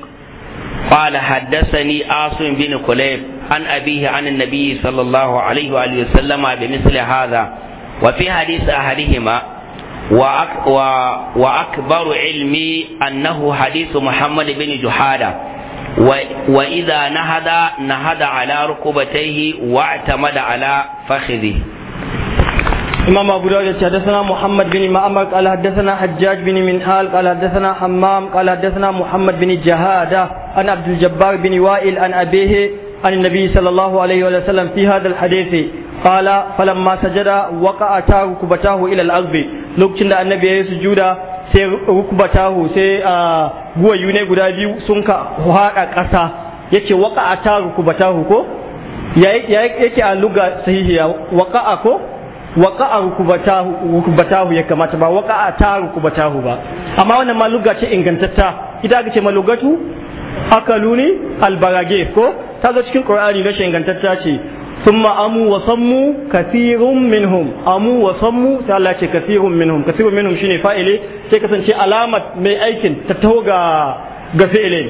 قال حدثني عاصم بن كليب عن أبيه عن النبي صلى الله عليه وآله وسلم بمثل هذا وفي حديث أحدهما وأكبر علمي أنه حديث محمد بن جحادة wa idza nahada nahada ala rukubatayhi wa atamada ala fakhidhi إمام أبو داود حدثنا محمد بن مأمر قال حدثنا حجاج بن منهال قال حدثنا حمام قال حدثنا محمد بن جهادة عن عبد الجبار بن وائل عن أبيه عن النبي صلى الله عليه وسلم في هذا الحديث قال فلما سجد وقعتا ركبتاه إلى الأرض لوكتن النبي سجودا sai rukbatahu sai guwayu ne guda biyu sun ka haɗa ƙasa yace waqa'ata rukbatahu ko yake a luga sahihiya a ko a rukubatahu rukubatahu ya kamata ba a ta rukubatahu ba amma wannan ma luga ce ingantatta ita ake ce malugatu akaluni albarage ko ta zo cikin ƙorari rashin ingantatta ce ثم أموا وصموا كثير منهم أموا وصموا تعالى كثير منهم كثير منهم شيني فائلي تكسن شي علامة مي أيكن تتهو ga fi'ilin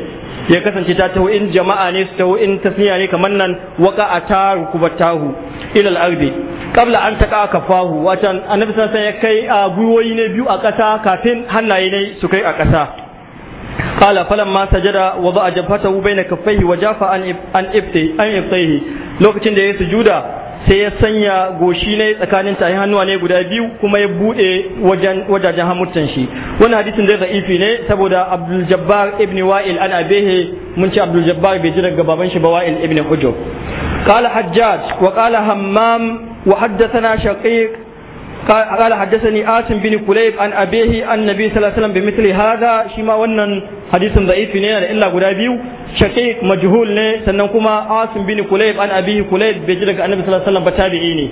ya kasance ta taho in jama'a ne su taho in tasniya ne kamar nan waka a ta kuma tahu ilal ardi kabla an taqa kafahu watan annabi sallallahu alaihi ya kai a gwiwoyi ne biyu a ƙasa kafin hannaye ne su kai a ƙasa qala falamma sajada wada'a jabhatahu baina kaffaihi wa jafa an an ibti an ibtihi lokacin da ya yi sujuda sai ya sanya goshi ne tsakanin tayin hannuwa ne guda biyu kuma ya bude wajajen hamurtan shi wannan hadisin zai za'ifi ne saboda Abdul Jabbar ibn Wa'il an abehe mun ci Abdul Jabbar bai ji daga baban shi ba Wa'il ibn hujjo qala Hajjaj wa qala Hammam wa haddathana Shaqiq قال حدثني آسم بن كليب عن أبيه عن النبي صلى الله عليه وسلم بمثل هذا شما ونن حديث ضعيف نينا إلا قدابيو شقيق مجهول ني سننكما آسم بن كليب عن أبيه كليب بجلك النبي صلى الله عليه وسلم بتابعيني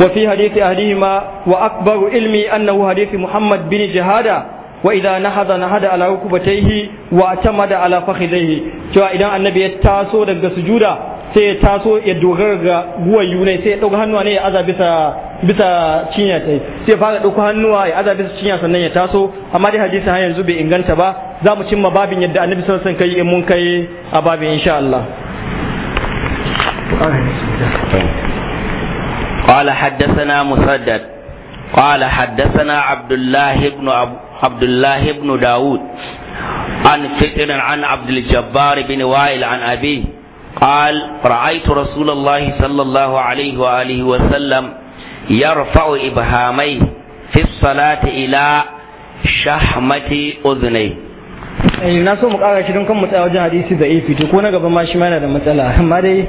وفي حديث أهلهما وأكبر علمي أنه حديث محمد بن جهادة وإذا نهض نهض على ركبتيه واعتمد على فخذيه cewa idan annabi ya taso daga sujuda sai ya taso ya dogara ga guwan yunai sai ya ɗauka hannuwa ne ya aza bisa bisa cinya ta sai ya fara ɗauka hannuwa ya aza bisa cinya sannan ya taso amma dai hadisi har yanzu bai inganta ba za mu cimma babin yadda annabi sallallahu alaihi wasallam kai in mun kai a babin insha Allah قال حدثنا مسدد قال حدثنا عبد الله بن عبد الله بن داود عن فتن عن عبد الجبار بن وائل عن أبيه قال رأيت رسول الله صلى الله عليه وآله وسلم يرفع إبهاميه في الصلاة إلى شحمة أذنيه eh, na so mu kara shi don kan mu wajen hadisi da ifi to ko na gaba ma shi ma yana da matsala amma dai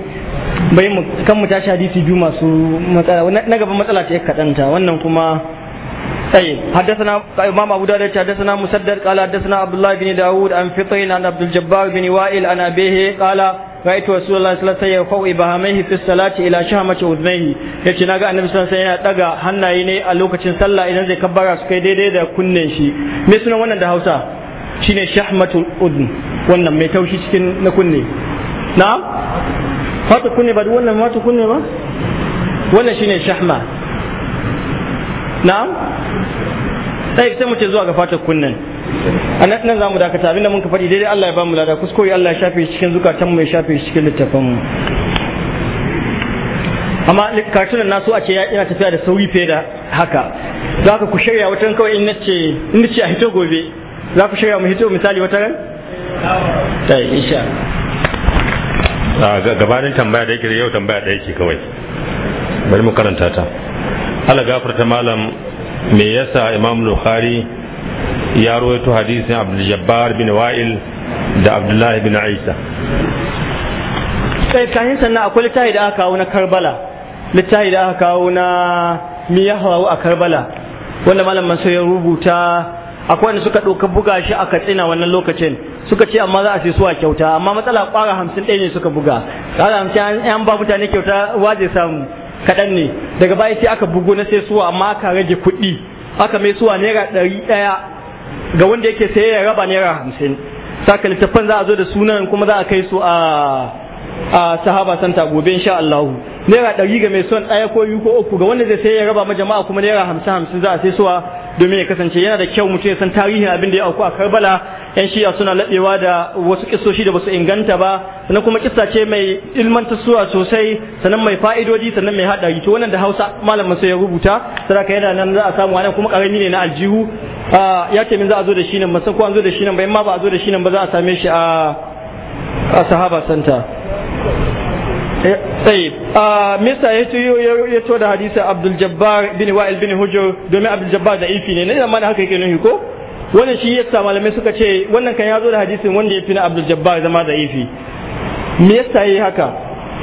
bai mu kan mu tashi hadisi biyu masu matsala na gaba matsala ta kadanta wannan kuma طيب حدثنا امام ابو داود حدثنا مسدد قال حدثنا عبد الله بن داود عن an عن عبد الجبار بن وائل عن ابيه ra'aytu rasulullahi sallallahu alaihi wasallam ibhamaihi fi salati ila shahmati udhnayhi yace naga annabi sallallahu alaihi wasallam yana daga hannaye ne a lokacin sallah idan zai زي su kai daidai da كنن shi me sunan wannan da Hausa shine shahmatul udn wannan mai taushi cikin na kunne na'am fata kunne ba wannan ta kunne ba wannan shine shahma na'am sai sai mu ce zuwa ga fatar kunnen a nan za mu dakata abinda mun ka faɗi daidai Allah ya ba mu lada kuskure Allah ya shafe cikin zukatan mu ya shafe cikin littafin mu amma kartunan nasu a ce yana tafiya da sauri fiye da haka za ka ku shirya watan kawai in nace in nace a hito gobe za ku shirya mu hito misali wata ran ta insha ah, gabanin tambaya da yake yau tambaya da yake kawai bari mu karanta ta Allah gafarta malam me yasa Imam Bukhari ya rawaito hadisin abdul jabbar bin wa'il da abdullah bin isa kai kayan sannan akwai littahi da aka kawo na karbala littahi da aka kawo na miyahawu a karbala wanda malam masu ya rubuta akwai wanda suka ɗauka buga shi a katsina wannan lokacin suka ce amma za a sai suwa kyauta amma matsala ƙwara hamsin ɗaya ne suka buga kwara hamsin an ba mutane kyauta waje samu kaɗan ne daga baya sai aka bugo na sai suwa amma aka rage kuɗi aka mai suwa naira ɗari ɗaya ga wanda yake saye ya raba naira hamsin saka littafan za a zo da sunan kuma za a kai su a a sahaba santa gobe insha Allah naira ɗari ga mai son ɗaya ko biyu ko uku ga wanda zai saye ya raba ma jama'a kuma naira hamsin hamsin za a sai suwa domin ya kasance yana da kyau mutum ya san tarihin abin da ya auku a Karbala yan shiya suna labewa da wasu kisoshi da basu inganta ba sannan kuma kisa ce mai ilmanta suwa sosai sannan mai fa'idodi sannan mai hadari to wannan da Hausa malamin sai ya rubuta saboda yana nan za a samu wannan kuma karami ne na aljihu ya ce min za a zo da shi nan san ko an zo da shi nan ba in ma ba a zo da shi nan ba za a same shi a sahaba santa طيب eh, ah, ya يتو da hadisi Abdul Jabbar bin Wa'il bin Hujur domin Abdul Jabbar da ifi ne ne amma da haka yake nuhi ko wannan shi yasa malamai suka ce wannan kan ya zo da hadisin wanda ya fi na Abdul Jabbar zama da ifi me yasa yayi haka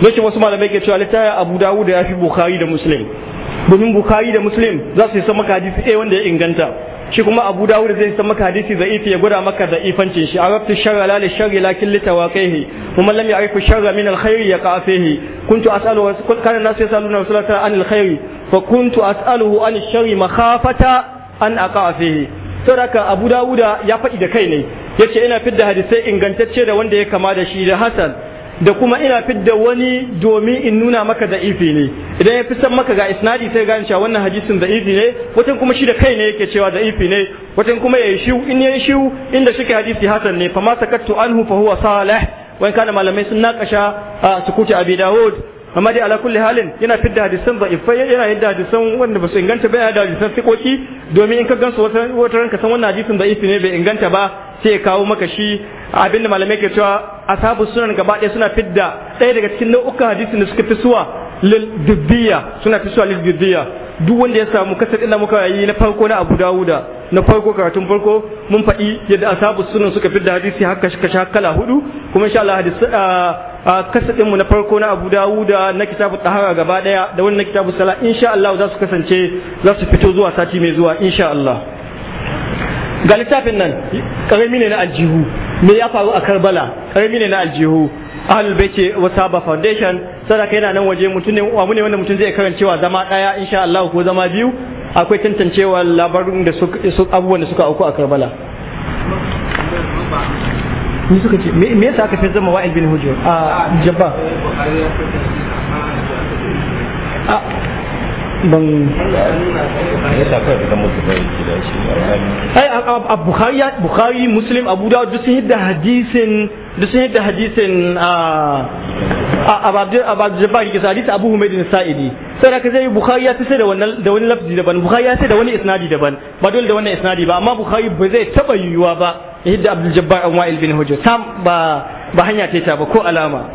lokacin wasu malamai ke cewa littafin Abu Dawud ya fi Bukhari da Muslim domin Bukhari da Muslim za su yi sama hadisi ɗaya wanda ya inganta shi kuma abu dawud zai san maka hadisi za'ifi ya gwada maka za'ifancin shi arabtu sharra la li sharri lakin li tawaqihi kuma lam ya'rifu sharra min al khairi ya qafihi kuntu as'alu kana nasu yasaluna rasulata an al khairi fa kuntu as'aluhu an sharri makhafata an aqa fihi abu dawud ya faɗi da kai ne yace ina fidda hadisai ingantacce da wanda ya kama da shi da hasan da kuma ina fidda wani domin in nuna maka da ifi ne idan ya fitar maka ga isnadi sai gani cewa wannan hadisin da ifi ne watan kuma shi da kai ne yake cewa da ifi ne watan kuma yayi shi in yayi shiu inda ke hadisi hasan ne fa ma sakattu anhu fa huwa salih wani kana malamai sun naqasha a sukuti abi daud amma dai ala kulli halin yana fidda hadisan ifa yana yadda hadisan wanda ba su inganta ba yana da hadisan sikoki domin in ka gansu wata ranka san wannan hadisin da'ifi ne bai inganta ba sai ya kawo maka shi abin da malamai ke cewa ashabu sunan gaba ɗaya suna fidda ɗaya daga cikin nau'ukan hadisin da suka fi suwa lil dubbiya suna fi suwa lil dubbiya duk wanda ya samu kasar illa muka yi na farko na Abu Dawuda na farko karatun farko mun faɗi yadda asabu sunan suka fi da hadisi haka kashe kala hudu kuma insha Allah hadisi a kasadin mu na farko na Abu Dawud na kitabu tahara gaba daya da wannan kitabu sala insha Allah za su kasance za su fito zuwa sati mai zuwa insha Allah ga littafin nan karami ne na aljihu me ya faru a Karbala karami ne na aljihu ahlul baiti saba foundation sadaka yana nan waje mutum ne wa mune wanda mutum zai karancewa zama daya insha Allah ko zama biyu akwai tantancewa labarin da abubuwan da suka auku a karbala ni suka ce me yasa aka fi zama wa'il bin hujjar a ah, jabba ah, ban ai a bukhari bukhari muslim abu dawud duk sun hidda hadisin duk sun hidda hadisin a abadir abdul kisa hadisi abu humaid bin sa'idi sai da kaje bukhari ya sai da wannan da wani lafzi daban bukhari ya sai da wani isnadi daban ba dole da wannan isnadi ba amma bukhari ba zai taba yiwuwa ba hidda abdul jabbar an wa'il bin hujja sam ba ba hanya ta ba ko alama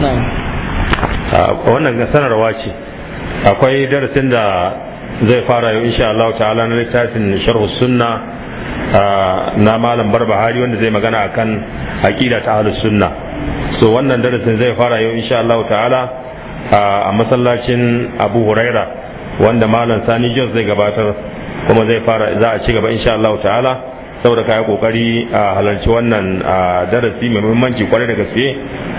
na'am wannan sanarwa ce akwai darasin da zai fara yau insha Allah ta'ala na littafin sharhu sunna na malam barbahari wanda zai magana akan aqida ta ahlus sunna so wannan darasin zai fara yau insha Allah ta'ala a masallacin Abu Huraira wanda malam Sani Jos zai gabatar kuma zai fara za a ci gaba insha Allah ta'ala saboda kai kokari a halarci wannan darasi mai muhimmanci kwarai da gaske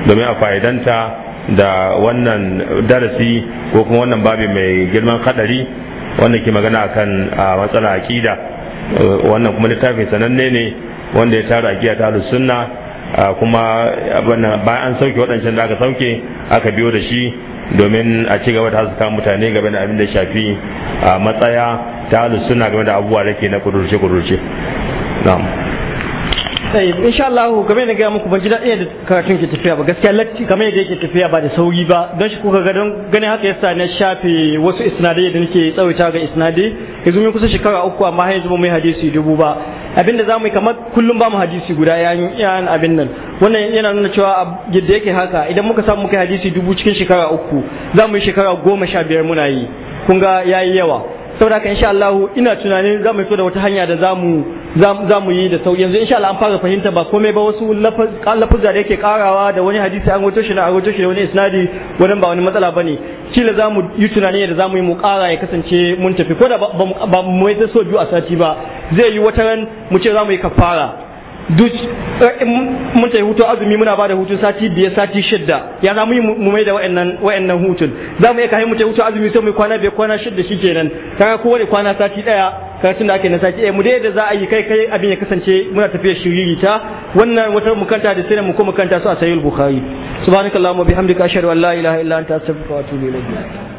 domin a fa'idanta da wannan darasi ko kuma wannan babi mai girman hadari wanda ke magana akan a matsala akida wannan kuma littafi sananne ne wanda ya tara akida ta sunna kuma bayan an sauke waɗancan da aka sauke aka biyo da shi domin a ci gaba da haska mutane game da abin da shafi a matsaya ta suna game da abubuwa da ke na kudurce-kudurce. sai insha Allah game da ga muku ban ji daɗi da karatun ke tafiya ba gaskiya latti kamar yadda yake tafiya ba da sauri ba don shi kuka ga don ganin haka yasa na shafe wasu isnadai da nake tsawaita ga isnadai yanzu mun kusa shekara uku amma har yanzu ba mu yi hadisi dubu ba abinda za mu yi kamar kullum ba mu hadisi guda yayin abin nan wannan yana nuna cewa yadda yake haka idan muka samu muka hadisi dubu cikin shekara uku za mu yi shekara goma sha biyar muna yi kun ga yayi yawa saboda haka insha Allah ina tunanin za mu fito da wata hanya da za mu yi da sau yanzu insha Allah an fara fahimta ba komai ba wasu lafuzza da yake karawa da wani hadisi an wato shi na wato shi da wani isnadi wannan ba wani matsala bane kila za mu yi tunanin da za mu yi mu kara ya kasance mun tafi ko da ba mu yi so biyu a sati ba zai yi wata ran mu ce za mu yi kafara duk eh, mun tafi hutu azumi muna bada hutun sati biyar sati shidda ya za mu yi mu mai da wa'annan hutun za mu iya kai mu tafi hutu azumi sai mu kwana biyar kwana shidda ta ga kowane kwana sati daya karatun da ake na sati mu dai da za a yi kai kai abin ya kasance muna tafiya shiriri ta wannan wata mu kanta da sai mu mu kanta su a sahih bukhari subhanakallahumma bihamdika ashhadu an la ilaha illa anta astaghfiruka wa atubu ilayk